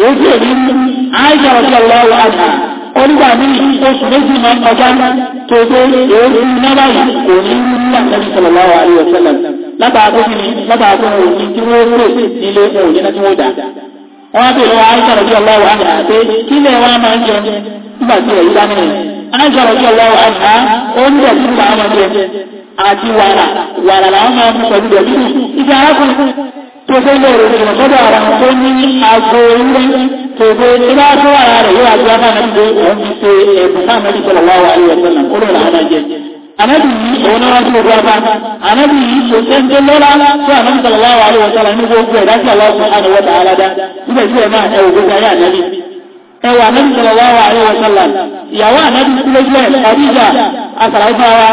èyí tí èmi mú àìsàn ọ̀sẹ̀ lọ́wọ́ àgbà onígbà ní oṣù méjì máa ń kọjá tó pé èyí iná báyìí kò ní rú ní ànábì sallallahu alaihi wasallam látàá tó kí ni látàá tó wò tí wọ́n rò nílé ohun ìyẹn aláìsọ̀rọ̀ jẹ́ lọ́wọ́ àná ó ń bẹ̀ nínú àwọn ọmọdé àti wàrà wàrà làwọn máa ń mú pẹ̀lú bẹ̀rù ìgbà arákùnrin tó fẹ́ lọ́rọ̀ ìṣẹ̀lẹ̀ sọ́dọ̀ ara tó ní aago ilé tó fẹ́ tí bá tó ara rẹ̀ yóò àti wákà náà pé òun ti ṣe ẹ̀bùn sáà mẹ́rin sọ̀rọ̀ wá wà ní ọ̀sẹ̀ náà ó lọ́rọ̀ àná jẹ Ànábì yìí òun náà tó gbọ́ bá Ànábì yìí kò ṣe ń tó lọ́la tó Ànábì sọ̀rọ̀ wá wà ní ọ̀sẹ̀ náà ní gbogbo ẹ̀dá sí ẹwà anábì sallallahu alaihi wasallam ìyàwó anábì kú lójú ẹ̀ ọ̀ríjà asàlàfáwa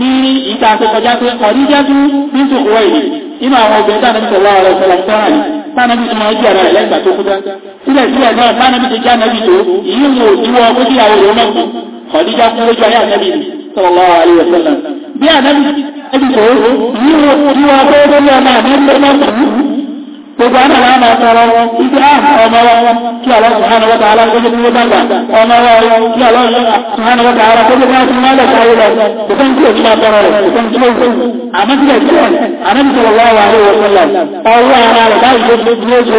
ní ìta àkọkọjá pé ọ̀ríjà tún bíntu Khuwaylid inú àwọn obìnrin tánàbì sallallahu alaihi wasallam fẹ́ràn tánàbì tó máa jí ara rẹ̀ lẹ́gbà tó kúta sílẹ̀sílẹ̀ náà tánàbì tó já nábì tó ìyí wo ìwọ ó jí àwọn òun mọ́kù ọ̀ríjà kú lójú ayé anábì sallallahu alaihi wasallam bí anábì tó ìyí wo ìwọ ó jí àwọn òun mọ́kù gbogbo àwọn àwọn àmà tọrọ wọn ibi àwọn ọmọ wọn kí aláwọ̀ hàn wọ́ta aláwọ̀ ní gbàgbà ọmọ wọn kí aláwọ̀ hàn wọ́ta ara tó gbogbo àti wọn lẹ́ta ayé lọ ìfẹ́ tí òjì máa tọrọ rẹ̀ ìfẹ́ tí ó ń fún àmọ́ tí ẹ̀jẹ̀ wọn àmọ́ tí wọ́n wà ní òkú lọ ọwọ́ ara rẹ̀ báyìí tó ti dúró ju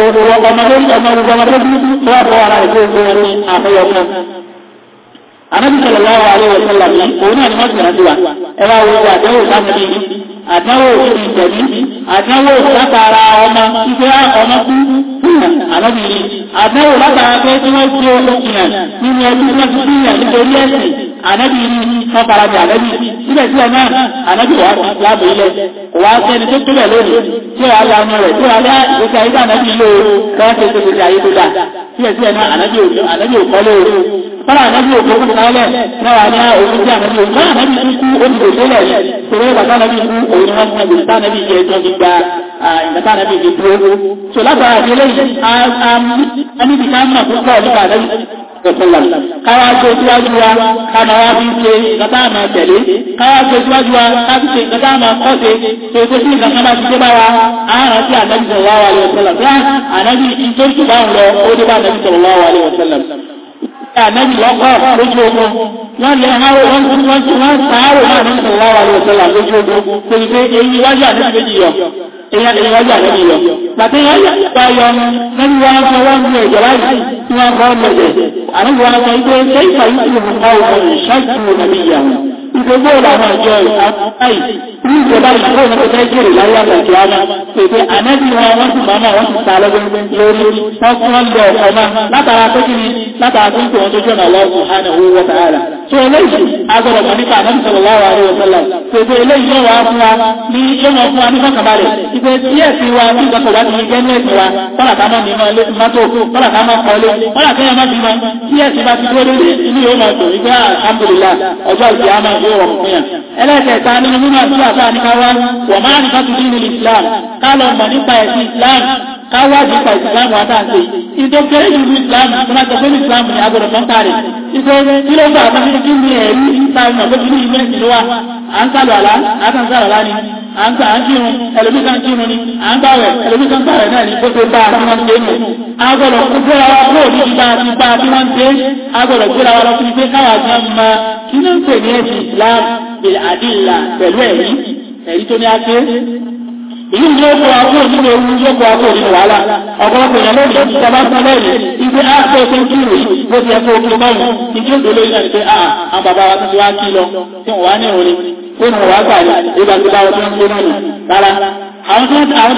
ọmọ àdáwò ìgbẹ̀mí àdáwò látara ọmọ ìfẹ́ ọmọ kú àlọ́bìnrin àdáwò látara pé tí wọ́n tí ó lókìnà nínú ẹbí wọ́n ti sí ìyàn nítorí ẹ̀sìn àlọ́bìnrin wọ́n fara bí àlọ́bì síbẹ̀ síbẹ̀ náà àlọ́bì wà láàbò ilẹ̀ kò wá sẹ́ni tó tóbẹ̀ lónìí tí ó wà lánà rẹ̀ tí ó wà ìgbésí ayé fara ànábì òkú lálẹ̀ náà ní òun jẹ́ ànábì òun náà ànábì tún kú ó dìbò sílẹ̀ ìṣòro ìgbà tánábì kú òun náà fún ẹgbẹ̀ tánábì jẹ́ ẹjọ́ gbígba ìgbà tánábì jẹ́ dúró so látara àdélé àníbi ká mọ̀ púpọ̀ nípa ànábì ọ̀pọ̀lọpọ̀ káwá tó síwájú wa káàmà wá fi ṣe ìgbàtà àmà tẹ̀lé káwá tó síwájú wa káàfi ṣe ìgbàtà àmà kọ́ṣe tó tó sí ìgbàtà àmà ti dé bá wa àárọ̀ sí ànábì sọ̀rọ̀ wá wà lẹ́wọ̀sẹ̀lẹ̀ ànábì ìjọ́sùn bá ń lọ ó dé bá ànábì sọ̀rọ̀ wá wà lẹ́wọ̀sẹ̀lẹ̀ àmẹ́jì lọ́kọ̀ lójú ogun wọ́n lè háró wọ́n tí wọ́n tí wọ́n sàárò náà ní ìsọ̀láwà lọ́sọ̀lá lójú ogun kò ní pé èyí wájà ní méjì yọ èyí wájà ní yọ pàtẹ́ yọ yọ yọ lẹ́nu wọn fọ wọn ní ẹ̀jẹ̀ báyìí tí wọ́n fọ́ mẹ́jẹ̀ àníbi wọn sọ pé ṣé ìfàyí ti mú ọ̀rọ̀ ṣáàtì nàbí ìyàwó ìgbégbó ìlànà ìjọ ìsàkùn báyìí ní ìjọba ìṣòro ìnáwó nàìjíríà láyé àgbàjì àmà pèpè ànábì wọn wọn sì máa wọn sì ta lọ́gbọ́n lórí wọn fún wọn lọ ọ̀kan náà látara tó kí ni látara tó ń pè wọn tó jọ̀nà lọ́wọ́ hàn tó eléyìí agbọ́dọ̀ mọ̀ nípa àmọ́ sallallahu alaihi wasallam pèsè eléyìí yóò wá fún wa ní yóò fún wa ní fọ́kànbalẹ̀ ìpè tí ẹ̀sìn wa ní ìgbàkọ̀ wá ti gẹ́ ní ẹ̀sìn wa kọ́là ká mọ́ nínú ilé mọ́tò kọ́là ká mọ́ kọ́lé kọ́là ká yẹn má ti mọ́ tí ẹ̀sìn bá ti dúró lórí inú yóò mọ̀ tó ìgbà alhamdulillah ọjọ́ ìdí àmọ́ yóò rọ̀ káwájú pa ìsìláàmù àtàǹtẹ̀ ìdó kéré jù ní ìsìláàmù tó máa tọ́pẹ́ ní ìsìláàmù ní agbọ̀dọ̀ tó ń parí ìfẹ́ kí ló bá àbá kí ní ẹ̀rí ìsìláàmù àbójú ní ìlú ìlú wa à ń sálọ àlá àtàǹsà àlá ni à ń gbà á kírun ẹlòmíkà ń kírun ni à ń gbàwẹ̀ ẹlòmíkà ń gbàwẹ̀ náà ni bó ṣe bá àti wọn ṣe nù agbọ̀dọ̀ gbéra wa kúrò ní ìgbà àti bá àti wọn ṣe agbọ̀dọ̀ gbéra wa lọ sí pé káwà gan ma kí ló ń pè ní ẹ̀sìn Islam bil adilla pẹ̀lú ẹ̀rí ẹ̀rí tó ní á pé èyí ni ó kọ àwọn òdìdó ewu yóò kọ àwọn òdìdó wàhálà ọ̀pọ̀lọpọ̀ èèyàn lónìí ẹ̀sìn tàbá fún lẹ́yìn ibi ápẹ́ tó ń kírù bó ti ẹ̀kọ́ ogun márùn ìdí òdò lórí náà pé àà ah, àwọn bàbá wa ti wá kí lọ tí wọ́n wá ní òní ó nù wá gbà ní ìgbà tó bá wọn tó ń gbé náà nù rárá àwọn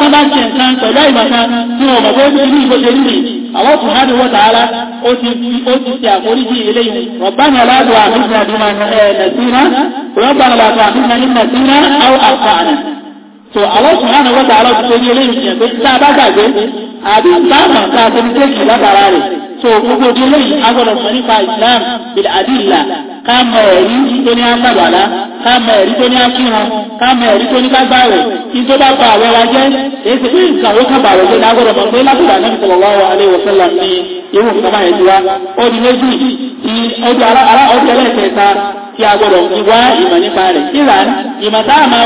tó bá ṣe nǹkan pẹ̀lú àìmọ̀kan tí wọ́n mọ̀ pé ó ti ní ìgbésẹ̀ nílì àwọn kò hádì wọ́n tààrà ó ti ṣe àforíjì eléyìí rọ̀bánà aláàdùn àmì ìsìn àdúrà ẹ̀ẹ́dẹ̀sínà rọ̀bánà aláàdùn àmì ìsìn àdúrà ẹ̀ẹ́dẹ̀sínà so àwọn sùnmọ́nà wọ́n tààrọ̀ ti ṣe ní eléyìí yẹn pé tá a bá gbàgbé àbí ní kéèkì látara so gbogbo ojú eléyìí agbọ́dọ̀ sọ nípa Islam bil adilla ká mọ ẹ̀rí tó ní àgbàwàlá ká mọ ẹ̀rí tó ní àkíran ká mọ ẹ̀rí tó ní sallallahu alaihi wasallam ní irú nǹkan máa ẹ̀dùn wa ó di méjì ti ọjọ́ ọjọ́ ẹlẹ́ẹ̀kẹta tí a gbọ́dọ̀ ti wá ìmọ̀ nípa rẹ̀ ìlànà ìmọ̀ táà máa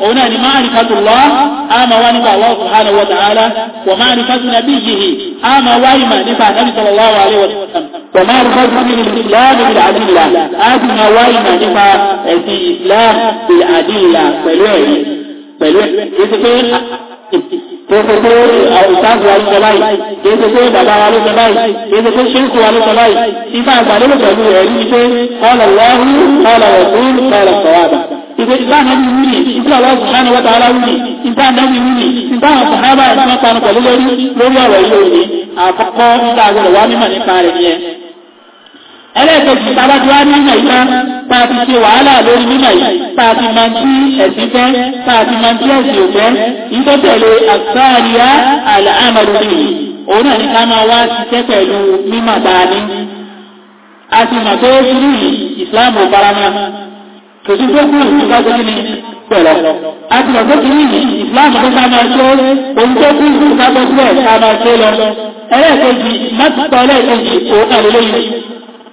هنا معرفة الله أما وانفع الله سبحانه وتعالى ومعرفة نبيه أما وانفع نفع صلى الله عليه وسلم ومعرفة من الإسلام بالعدلة أما وانفع نفع الإسلام بالعدلة فلوه فلوه يتكلم kéèsè pé ìsáàbù wa ló sọ báyìí kéèsè pé bàbá wa ló sọ báyìí kéèsè pé ṣéǹkù wa ló sọ báyìí ìfà àgbàlérò pẹ̀lú rẹ̀ ní pé kọ́lọ̀ lọ́rùn kọ́lọ̀ ọ̀tún kọ́lọ̀ sọ̀wádà ìgbé ìbánabi wúni ìgbé ọ̀rọ̀ ṣùgbọ́n wọ́ta ara wúni ìbánabi wúni ìbáwọn sàhábà ìfúnpanu pẹ̀lú lórí lórí ọ̀rọ̀ yìí òní àkọ́kọ́ ń dá àgbẹ̀rẹ̀ wá mímọ̀ nípa rẹ̀ yẹn ẹlẹ́ẹ̀kejì tàbá tí wá ní ìmọ̀ ìyá pàtí ṣe wàhálà lórí mímọ̀ yìí pàtí ma tí ẹ̀sìn fẹ́ pàtí ma tí ẹ̀sìn òfẹ́ ìtọ́tẹ̀lé àtàríyá àlàámàlú nìyí òun náà ní ká máa wá ṣiṣẹ́ pẹ̀lú mímọ̀ dání a ti mọ̀ pé irú yìí ìsìláàmù barama kò sí tó kúrò sí gbágbó ní pẹ̀lọ̀ a ti mọ̀ pé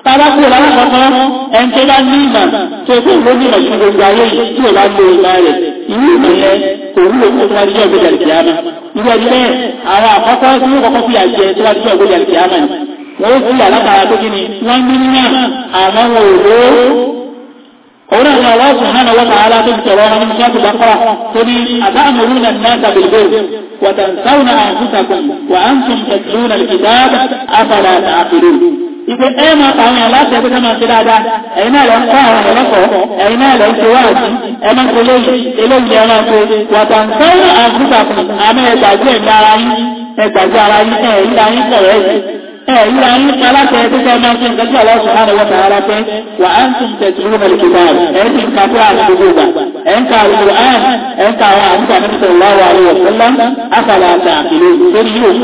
Tàbá kú lálákọ̀ọ́kọ́ ẹni tó bá ní ìmọ̀ tó kú ló ní ìmọ̀ gbogbo ayé yìí tí ò bá lo ìmọ̀ rẹ̀. Ìlú ìmọ̀lẹ̀ kò wúlò fún tó wá ní ọgbẹ́ jàlìkìámà. Ìlú ẹni bẹ́ẹ̀ àwọn àkọ́kọ́ tí wọ́n kọ́kọ́ fi àjẹ tó ọgbẹ́ jàlìkìámà ni. Wọ́n fi àlákàrà tó kíni wọ́n ní níyà àmọ́ wọn ò ró. Òun náà ni Allah subhanahu wa ta'ala tó ti sọ̀rọ̀ ọmọ nínú Baqara tó ní أتأمرون الناس بالبر وتنسون أنفسكم وأنتم تتلون الكتاب أفلا تعقلون ìpè ẹ máa pa àwọn aláṣẹ pé ká máa ṣe dáadáa ẹ̀yin náà lọ ń kọ́ àwọn ọ̀lọ́kọ̀ọ́ ẹ̀yin náà lọ ń ṣe wáàdí ẹ máa ṣe lóyìn eléyìí ẹ máa ṣe àgùsàkùn àmì ẹgbàgbé ẹgbàgbé ara yín ẹ̀ yíra ń tún tẹ̀síwó mẹ́lẹ̀ kíkà ẹ̀ ń tún kápẹ́ àrùn gbogbo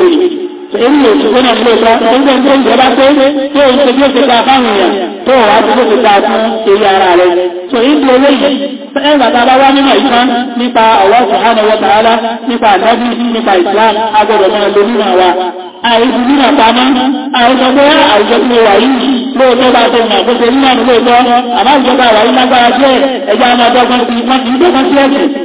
ìgbà ẹ̀ ń èyí yóò ṣe gbọ́nà ilé ìtọ́ nígbà tó ń jọba pé tí ó ń ṣe bí ó ṣe ta fáwọn èèyàn tó wà tó ṣe ta fún eré ara rẹ̀ tó ìdí owó yìí ẹ̀yìn bàtà bá wá nínú ìtàn nípa Allah subhanahu wa ta'ala nípa àdábí nípa Islam agbọ́dọ̀ máa lo nínú àwa àìsí nínú àpamọ́ àìsọ pé àwùjọ tí mo wà yìí lóòótọ́ bá ṣe mọ̀ àkóso nínú àdúgbò ìtọ́ àmọ́ àwùjọ lágbára díẹ̀ ẹ̀já ọmọ ọdọ́gbọ́n ti wọ́n ti ń dọ́gbọ́n sí ẹ̀sìn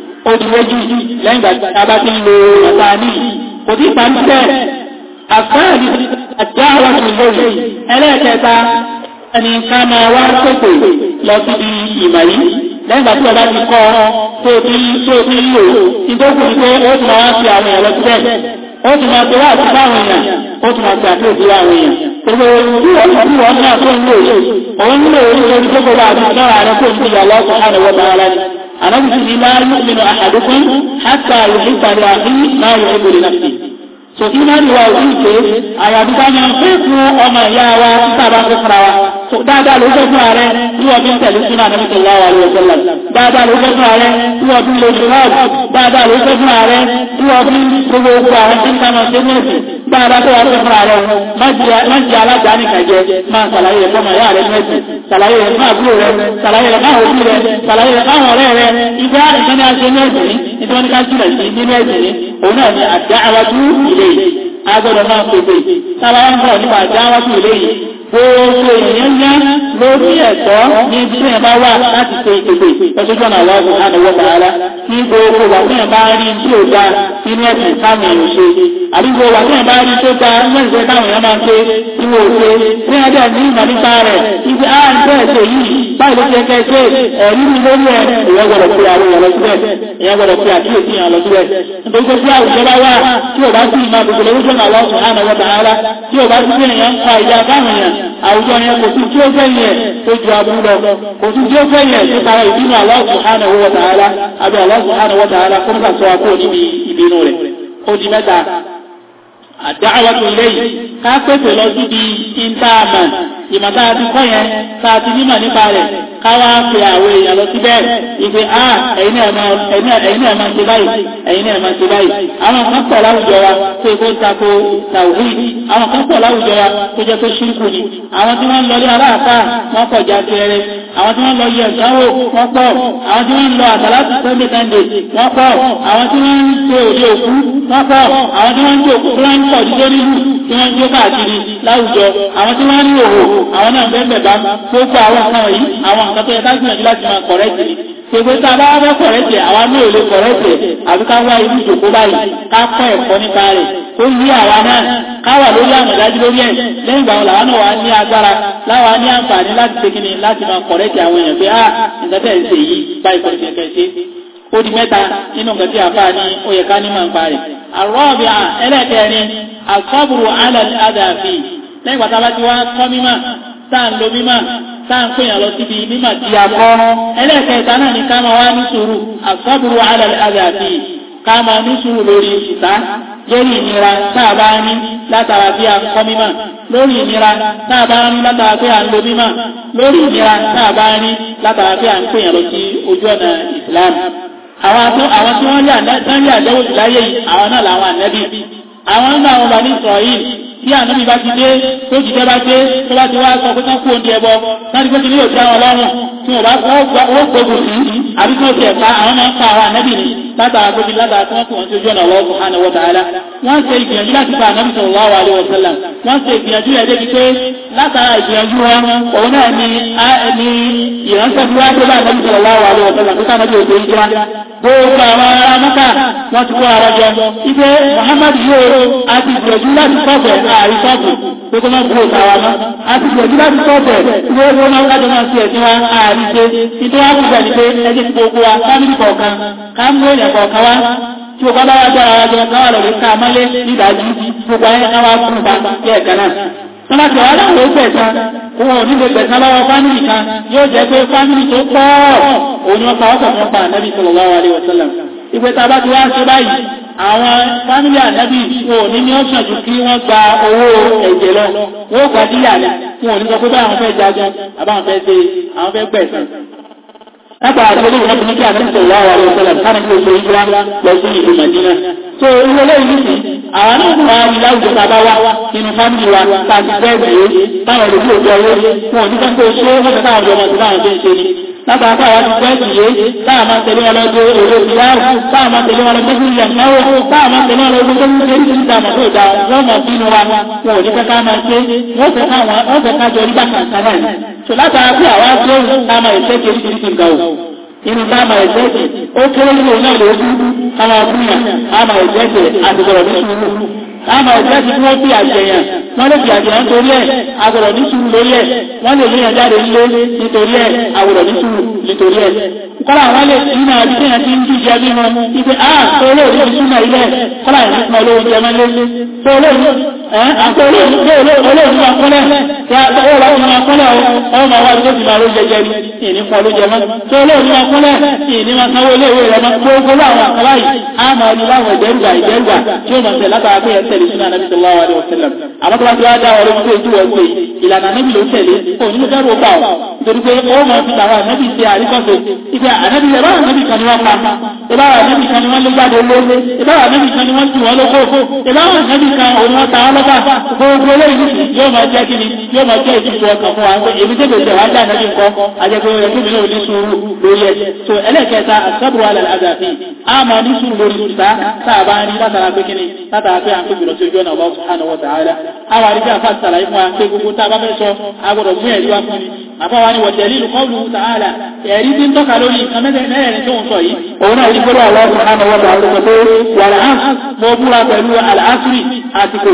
ó ti wọ́jú sí lẹ́yìn ìgbà tí a bá ti ń lo ọ̀tá ní kò tí ìparí bẹ́ẹ̀ àfáàní àjá àwọn ìlú ẹlẹ́ẹ̀kẹta ẹni ká máa wá pèpè lọ síbi ìmọ̀ yìí lẹ́yìn ìgbà tí ọba ti kọ́ tó ti tó ti ń lò ìdókòó ni pé ó ti máa fi àwọn ẹ̀rọ síbẹ̀ ó ti máa fi wá àti báwọn èèyàn ó ti máa fi àkíyèsí láwọn èèyàn Gbogbo ìwọ̀n náà tó ń lò, òun ń lò orí orí gbogbo àti ìdára rẹ̀ kò ń bí ìyàlọ́ ọkùnrin àwọn ọ̀tá ara ni ànábì tún ní láàyè yu'minu ahadukum hatta yuhibba li akhihi ma yuhibbu li nafsihi. sòtí máa ń wà òfin pé àyàbí bá yan fún fún ọmọ ìyá wa títà bá fún fúnra wa. tó dáadáa ló fẹ́ fún ààrẹ tí wọ́n fi ń tẹ̀lé sínú ànábì sallallahu alaihi wasallam. dáadáa ló fẹ́ fún ààrẹ tí wọ́n fi ń lo ṣùgbọ́n dáadáa ló fẹ́ fún ààrẹ tí wọ́n fi ń gbogbo ogun àwọn tí ń bá a bá tó wá sí fúnra rẹ̀ má jẹ́ alájà nìkan jẹ máa ṣàlàyé rẹ̀ fọmọ ìyá rẹ̀ mẹ́sì ṣàlàyé rẹ̀ fún àbúrò rẹ̀ ṣàlàyé rẹ̀ fáwọn òbí rẹ̀ ṣàlàyé rẹ̀ fáwọn ọ̀rẹ́ rẹ̀ ibi àrùn kan ní aṣọ mẹ́sì ní nítorí ní ká jìnà ní òun gbogbo èèyàn yá lórí ẹ̀tọ́ ní ibi tí ẹ bá wà láti ṣe ìpèsè lọ́sọ́jọ́ náà wà fún àdàwọ̀ tààrà kí gbogbo wà fún ẹ̀ rí tí ó dá nínú ẹ̀sìn táwọn èèyàn ṣe àbí wà fún ẹ̀ bá rí tó dá nínú ẹ̀sìn táwọn èèyàn máa ṣe tí wọ́n ṣe tí ní ìmọ̀ nípa rẹ̀ ibi àìsẹ̀ ẹ̀ṣẹ̀ yìí báyìí ló ti ẹ̀kẹ́ ṣe ẹ̀rí ní lórí ẹ̀ ìyẹn gbọ́dọ̀ pé àwọn èèyàn lọ síbẹ̀ ìyẹn gbọ́dọ̀ pé àkíyèsí èèyàn lọ síbẹ̀ nítorí pé tí àwùjọ bá wà tí ò bá sí ìmọ̀ àbùkù lórí fún àwọn ọ̀sán àmọ́ wọ́n tàn ara tí ò bá sí bí èèyàn ń fa ìyá báwọn èèyàn àwùjọ yẹn kò sí tí ó fẹ́ yẹn tó ju abú lọ kò sí tí ó fẹ́ yẹn tó tara ìbínú Allah subhanahu wa ta'ala àbí Allah subhanahu wa ta'ala kó nígbà sọ akó níbi ìbínú rẹ̀ ó di mẹ́ta àdáwà tó lẹ́yìn ká pèsè lọ síbi intanet ìmọ̀ tá a ti kọ́ yẹn tá a ti nímọ̀ nípa rẹ̀ káwá pe àwọn èèyàn lọ síbẹ̀ ìpè a ẹ̀yin náà máa ṣe báyìí ẹ̀yin náà máa ṣe báyìí àwọn kan pọ̀ láwùjọ wa tó èkó ń tako tàwùrí àwọn kan pọ̀ láwùjọ wa tó jẹ́ tó ṣírùkù ni àwọn tí wọ́n ń lọlé aláàfà wọ́n pọ̀ jantirẹrẹ àwọn tí wọ́n lọ yẹ ìdánwò wọ́n pọ̀ àwọn tí wọ́n ń lọ àtàlátì sunday sunday wọ́n pọ̀ àwọn tí wọ́n ń ṣe òde òkú wọ́n pọ̀ àwọn tí wọ́n ń ṣe òkú fúláńtọ̀ dídórí tí wọ́n ń gbé káàkiri láwùjọ àwọn tí wọ́n ń rí òwò àwọn náà bẹ́ẹ̀ bẹ̀bá gbogbo àwọn àwọn yìí àwọn nǹkan tó yẹ ká gbìyànjú láti máa kọ̀rẹ́tì ni gbogbo tá a bá fẹ́ kọ̀rẹ́tì àwa náà lè kọ̀rẹ́tì àbí ká wá irú ìjòkó báyìí ká kọ́ ẹ̀kọ́ nípa rẹ̀ ó yí àwa náà ká wà lórí àwọn ìdájú lórí ẹ̀ lẹ́yìn ìgbà wọn làwọn náà wà ní agbára láwa ní àǹfààní láti ṣe kíni láti máa kọ̀rẹ́tì àwọn èèyàn pé ah nǹkan ń ṣe yìí báyìí kọ̀rẹ́tì ó di mẹ́ta nínú nǹkan tí àfáà ní ó yẹ ká ní máa ń parí. àrọ́ọ̀bì ẹlẹ́kẹ̀ẹ́rin asọ́bùrù alàdàfí lẹ́yìn pàtàkì láti wá kọ́ mímọ̀ táà ń lo mímọ̀ táà ń pèyàn lọ síbi mímọ̀ tí a kọ́ ẹlẹ́ẹ̀kẹta náà ni káàmà wá ní sùúrù asọ́bùrù alàdàfí káàmà ní sùúrù lórí ìta lórí ìnira táà bá ní látara bí a kọ́ mímọ̀ lórí ìnira táà bá ní látara bí a ń lo mímọ̀ lórí ìnira táà bá ní látara bí a ń pèyàn lọ sí ojú ọ̀nà ìsìlámù àwọn tí wọ́n yà àdẹ́wò láyé àwọn náà làwọn ànẹ́bí àwọn nínú àwọn bàní sọ̀yìn tí ànábì bá ti dé tó jìdẹ́ bá dé tó bá ti wá sọ pé kán kú oúnjẹ bọ láti pé kí ní òjá wọn lọ́rùn tí wọ́n bá wọ́n gbogbo sí àbí tí wọ́n ti ẹ̀ka àwọn máa ń pa àwọn ànábì ni látara gbogbo látara tí wọ́n fi wọ́n tí ojú ọ̀nà wọ́n fún àná wọ́n wọ́n ṣe ìgbìyànjú láti pa ànábì sallallahu alaihi wasallam wọ́n ṣe ìgbìyànjú rẹ̀ débi pé látara ìgbìyànjú wọn òun náà ni ni ìránṣẹ́ bí wọ́n tó bá ànábì sallallahu alaihi wasallam tó sáà lọ́jọ́ ìgbé ìjọba gbogbo àwọn ará mọ́ta wọ́n ti kó ara jọ ipe Muhammad yóò àti ìgbìyànjú láti pọ̀pọ̀ àrísọ́pù pé kó máa kúrò sára mọ́ a ti gbẹ̀jú láti sọ́ọ̀tẹ̀ tí wọ́n wọ́n máa lájọ máa fi ẹ̀sìn wa ààrí ṣe ìtọ́ wá kúgbà ní pé ẹgbẹ́ ti gbogbo wa fámìlì kọ̀ọ̀kan ká mú èèyàn kọ̀ọ̀kan wá tí o bá bá wá gbára wa jọ káwà lọ́wọ́ ká mọ́lé nídàájú gbogbo ayé káwà kú bá lẹ́ẹ̀kan náà tọ́lájọ aláwọ̀ pẹ̀sán ohun onílé pẹ̀sán lọ́wọ́ fámílì kan yóò jẹ́ pé fámílì tó pọ̀ òun ni wọ́n pa ọkọ̀ àwọn fámílì ànábì wọn ò ní ní ọ́ ṣàjú kí wọ́n gba owó ẹ̀jẹ̀ lọ wọ́n gba díyà ní wọn ò ní sọ pé báyìí àwọn fẹ́ jagun àbáwọn fẹ́ ṣe àwọn fẹ́ gbẹ̀sìn nípa àtúndì wọn ti ní kí àtúntò wà wà lọ́sọ̀lá káàní kí oṣù ìgbà lọ sí ìlú Màdínà tó ilé lẹ́yìn nìsí àwọn náà wà ní láwùjọ tàbá wá nínú fámìlì wa tàbí bẹ́ẹ̀ bẹ́ẹ̀ táwọn olùkú òjò owó wọn ò ní sọ pé oṣù ó látàkọ́ àwọn ti gbẹ́ ìdílé táà máa tẹ̀lé wọn lọ́jọ́ èrò ìyáàrù táà máa tẹ̀lé wọn lọ́jọ́ ìrìn àmọ́ táà máa tẹ̀lé wọn lọ́jọ́ ìrìn àmọ́ ìrìn àmọ́ tó dá wọn mọ̀ bínú wa wọn ò ní fẹ́ ká máa ṣe wọ́n fẹ́ ká wọn wọ́n fẹ́ ká jọ nígbà kan sábà yìí so látàkọ́ àwọn aṣọ táà máa ìṣẹ́ kiri kiri kiri gan o inú táà máa ìṣẹ́ kiri ó kéré nínú náà lójú táà máa fún yàn táà máa ìṣẹ́ kiri àti láàmà ìjẹ́ ti tí wọ́n fi àjẹyàn wọ́n lè fi àjẹyàn torí ẹ̀ agbọ̀rọ̀ ní sùúrù lórí ẹ̀ wọ́n lè léyàn jáde nílé nítorí ẹ̀ agbọ̀rọ̀ ní sùúrù nítorí ẹ̀ kọ́lá wọ́n lè nínú àdíṣẹ́yàn tí ń jíjẹ bí wọn ipe àà ah, tó olóòrí ìsúná ilẹ̀ kọ́lá ìrìnà olóòrí ẹmẹ́lé tó olóòrí àti olóòtú máa kúnlẹ̀ tí ó bá ti máa kúnlẹ̀ ọmọ máa wá tó ti máa ló jẹjẹ ní ìní fún ọlójẹ mọ́ tí olóòtú máa kúnlẹ̀ ìní máa sanwó iléèwé rẹ̀ máa kó gbogbo àwọn àkàrà yìí á máa ní láwọn ìdẹ́rùgbà ìdẹ́rùgbà tí sallallahu alaihi wasallam àmọ́ tó bá ti wá dá ọ̀rọ̀ ojú ojú wọn pé ìlànà anábì ló tẹ̀lé kò ní lókè rò pa ọ́ torí pé ó máa fi tàwọn anábì ṣe àríkọ́sọ ibi anábì ẹ̀rọ anábì kan ni wọ́n pa ìbára anábì kan ni wọ́n lé jáde lóore ìbára anábì ni wọ́n tì wọ́n lókòókò ìbára anábì òun wọ́n ta ọ́ pátápátá gbogbo lẹ́yìn yóò máa jẹ́ kí ni yóò máa jẹ́ ìdíjú ọkàn fún wa pé èmi tètè tẹ̀ wá jà náà nǹkan ajẹ́gbẹ́ rẹ̀ kí mi náà ní sùúrù lórí ẹ̀ so ẹlẹ́kẹta àṣàbùrù alẹ́ àdàfi a máa ní sùúrù lórí ìta tá a látara pé kí ni látara pé à ń pèbìrọ̀ sí ojú ọ̀nà ọba subhanahu wa ta'ala a wà rí bí àfa sàlàyé fún wa pé gbogbo tá a bá fẹ́ sọ a gbọ́dọ̀ mú ẹ̀rí wá fún ni àbáwa ni wọ̀tẹ̀ lílu kọ́ọ̀lù ta'ala ẹ̀rí tí ń tọ́ka lórí nǹkan mẹ́rin tó ń sọ yìí òun náà rí gbọ́dọ̀ àwọn subhanahu wa ta'ala pé wàlá mo búra pẹ̀lú àlàásùrì àsìkò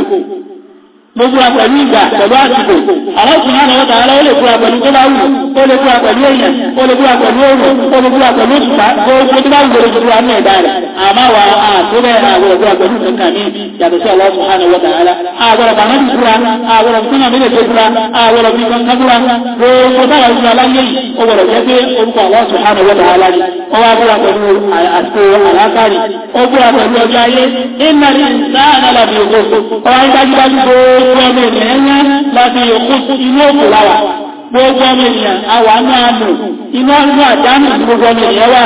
gbogbo àpẹ̀lú ìgbà pẹ̀lú àsìkò aláìsàn àwọn ọ̀tà ara ó lè fúra pẹ̀lú tó bá wù ó lè fúra pẹ̀lú èèyàn ó lè fúra pẹ̀lú òòrùn ó lè fúra pẹ̀lú òṣùpá gbogbo tó bá wù lórí gbogbo àmì ẹ̀dá rẹ̀ àmọ́ wa àtó bẹ́ẹ̀ àwọn ọ̀gbọ́n pẹ̀lú nǹkan mi yàtọ̀ sí aláìsàn àwọn ọ̀tà ara àwọ̀rọ̀ bàmá ti fúra àwọ̀rọ̀ fún àmì lè fúra àwọ̀rọ̀ fi kan kábúra gbogbo táwọn ìṣúra láyé yìí ó wọ̀rọ̀ jẹ́ pé orúkọ aláìsàn àwọn ọ̀tà ara ni ó wá búra pẹ̀lú àsìkò àlákàrí ó búra pẹ̀lú ọjọ́ ayé iná ní sáàdà láti òkú ọwá ń dájúdájú gbogbo ọmọ ènìyàn ńlá láti òkú inú òkú láwà gbogbo ọmọ ènìyàn àwà náà nù iná nínú àdánù gbogbo ọmọ ènìyàn wà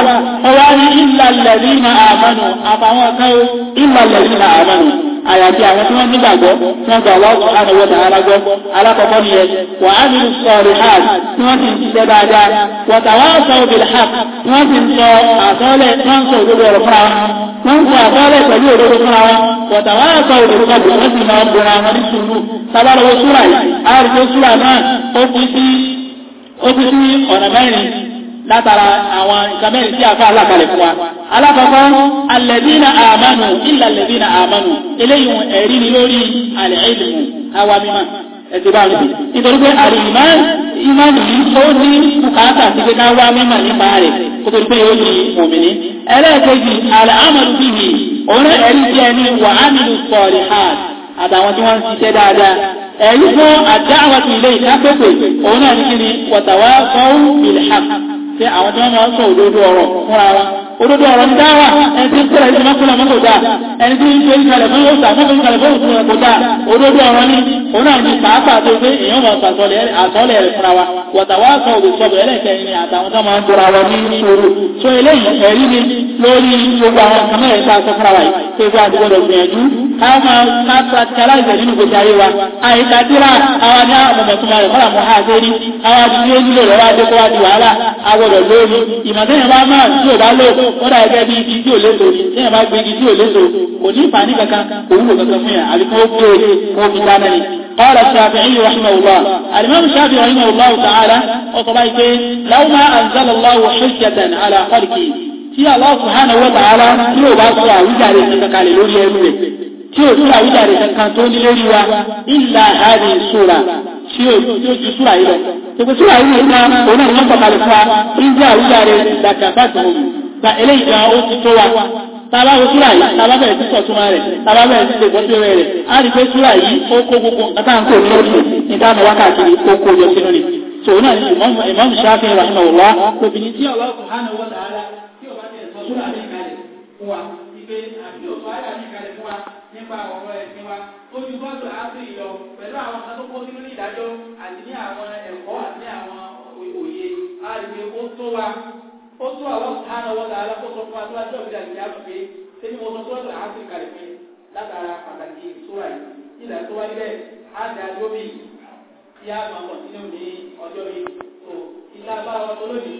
ọwá ní ìlàlẹ̀ nínú àmọ́nù àbàwọn kan ìlàlẹ̀ nínú àmọ́nù àyàfi àwọn tí wọ́n nígbàgbọ́ tí wọ́n gbà wọ́n subhanahu wa ta'ala gbọ́ alákọ̀ọ́kọ́ nìyẹn wà á nínú sọ̀rọ̀ hàn tí wọ́n ti ń ṣiṣẹ́ dáadáa wọ̀tà wọ́n sọ bil haqq tí wọ́n ti ń sọ àsọ́ọ́lẹ̀ tí wọ́n sọ òdodo ọ̀rọ̀ fúnra wọn wọ́n ń sọ àsọ́ọ́lẹ̀ pẹ̀lú òdodo fúnra wọn wọ̀tà wọ́n sọ òdodo kan bí wọ́n sì máa ń bora wọn ní sùúrù sábàlọ́wọ́ súrà yìí àrùkọ́ súrà náà ó fi sí ọ̀nà mẹ́rin látara àwọn nǹkan mẹ́rin tí a fẹ́ alákalẹ̀ fún wa alákọ̀ọ́kọ́ alẹ́bínà àmánù ilẹ̀ alẹ́bínà àmánù eléyìí ẹ̀rí ni lórí alẹ́ẹ̀dùnmù àwa mímọ̀ ẹ̀sìn bá rẹ̀ nítorí pé àrùnmọ́ ìmánì yìí ó ní bùkátà sí pé káwá mímọ̀ nípa rẹ̀ kó tó ilé ìkápẹ́pẹ́ òun náà ní kí ni wàtàwá fọ́ọ̀rù ìlhàkù pé àwọn tó máa ń sọ òdodo ọ̀rọ̀ fúnra wa òdodo ọ̀rọ̀ ń dáwà ẹni tí ń kúrẹ̀ ìṣẹ́ mọ́kúnlẹ̀ mọ́kò dáa ẹni tí ń ṣe ìkàlẹ̀ fún yóò sàmọ́kùnrin kàlẹ̀ fún òṣùwọ̀n kò dáa òdodo ọ̀rọ̀ ni òun náà pàápàá tó gbé èèyàn mọ̀ sàtọ̀lẹ̀ rẹ̀ fúnra wa wọ̀tàwá sọ òbí sọ ni àtàwọn tó máa ń dúra wọn ní ìṣòro tó eléyìí ẹ̀rí ni lórí gbogbo àwọn kan mẹ́rin tá sọ fúnra wa yìí pé bí a ti gbọdọ̀ gbìyànjú ká máa ká practicalize nínú gbèsè ayé wa àìtàdíra àwa ní àmọ̀mọ̀ tó máa rẹ̀ fọ́nà mọ́ àṣẹ ní àwa ti ní nílò lọ́wọ́ adékọ́ wa di wàhálà agbọ̀dọ̀ lórí ìmọ̀tẹ́yìn bá máa tí ò bá lò ó dà gẹ́gẹ́ bí igi tí ò léso tẹ́yìn bá gbé igi tí ò léso kò ní ìfàní kankan fún yà àbí kó gbé e, kó fi dáná قال الشافعي رحمه الله الإمام الشافعي رحمه الله تعالى وطبعك لو ما أنزل الله حجة على خلقه في الله سبحانه وتعالى في وباسوا وجاري سنكال لوري يمني في وسورة وجاري سنكانتون لوري إلا هذه السورة في وسورة إلى تقول سورة إلى هنا نصف على السورة إن جاء وجاري ذكفاتهم فإليه جاءوا في tàbá wo súrà yìí tàbá bẹ̀rẹ̀ sí sọ̀túnmá rẹ̀ tàbá bẹ̀rẹ̀ sí ìgbọ́sí rẹ̀ rẹ̀ a rí pé súrà yìí ó kó gbogbo àtàǹkò ní oṣù ní táàmù wákàtí ó kó jọ sínú ni tòun náà ní ìmọ̀mù ṣáfì ìrànlọ́wọ́ obìnrin tí ọlọ́run hánà wọ́n tààrà tí ọba tẹ̀ ó tó àwọn sàánà wọ́n tààrà kó sọ fún wa tó wá jọ́bi dàbí yá pé ṣé ni mo sọ tó lọ́dọ̀ áfíríkà rẹ̀ pé látara pàtàkì ìṣúra yìí nígbà tó wáyé bẹ́ẹ̀ á dá lómi tí a máa pọ̀ sínú ní ọjọ́ mi tó ìta bá wọn tó lónìí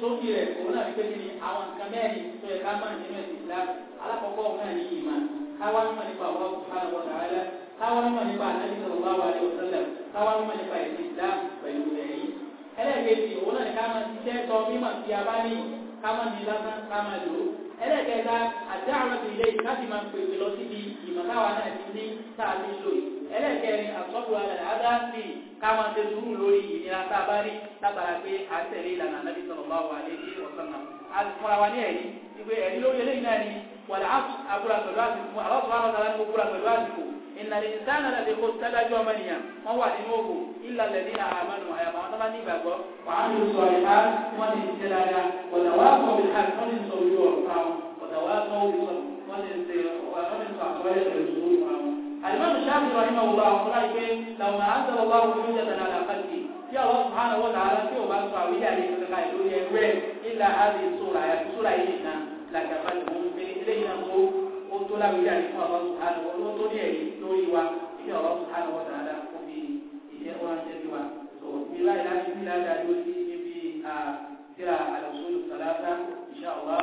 sókè rẹ̀ òun náà pé kí ni àwọn nǹkan mẹ́rin tó yẹ ká mọ̀ nínú ẹ̀sìn ìlà alákọ̀ọ́kọ́ òun náà ní ìmọ̀ káwá nímọ̀ nípa àwọn sàánà wọ́n tààrà káwá nímọ̀ nípa àtẹ́lẹ́sọ̀rọ̀ wá wà ní ọ̀sán lẹ̀ káwá nímọ̀ nípa ẹ̀sìn ìlà pẹ̀lú ẹ̀ ẹlẹ́ẹ̀kejì òun náà ká máa ṣiṣẹ́ tọ mímọ̀ tí a bá ní ká máa ní lásán ká máa lò ó ẹlẹ́ẹ̀kẹta àti àwọn ti ilé láti máa pèsè lọ síbi ìmọ̀táwa náà ti ní tá a ti lò yìí ẹlẹ́ẹ̀kẹrin àtọ́kù àdá sí ká máa ṣe sùúrù lórí ìnira tá a bá rí látara pé a tẹ̀lé ìlànà Ànábì sallallahu alaihi wasallam a ti fọra wa ní ẹ̀rí ìgbé ẹ̀rí lórí eléyìí náà ni wàlá àbúrà pẹ̀lú àsìkò ìlànà ìsáná lè kó tádájú ọmọnìyàn wọn wà nínú òkú ìlànà ní àmàlù àyàmà wọn bá ní ìgbàgbọ́ wàá lè sọ ìhá wọn lè ṣe dáadáa ọ̀dà wàá kọ́ bí ká wọn lè sọ ojú ọ̀rọ̀ fún ọ̀dà wàá kọ́ bí wọn lè ṣe wọn lè sọ àkọọ́lẹ̀ pẹ̀lú sùúrù fún àwọn. alimami sáfì nínú òwúrọ̀ àwọn fúnra ìgbé làwọn àǹtọ̀ wà wọ́n ló jẹ́ tí àwọn sùhánà wọn làárá tí òun bá sọ àwọn ilé àyè kankan ìlú yẹn rẹ ilà á lè nìkan làjàpá ni ń gbé eléyìí náà kó tó láwùjọ àdìpọ̀ ọ̀rọ̀ sùhánù olówó tó ní ẹ̀rí lórí wa ìdí ọ̀rọ̀ sùhánù wọn tàdá fún mi ìṣẹ́ wọn ṣe bí wa tó mi láyé láti bí láti àdúró sí níbi àtìrà àlùsùn ìṣàlátà ìṣàwá.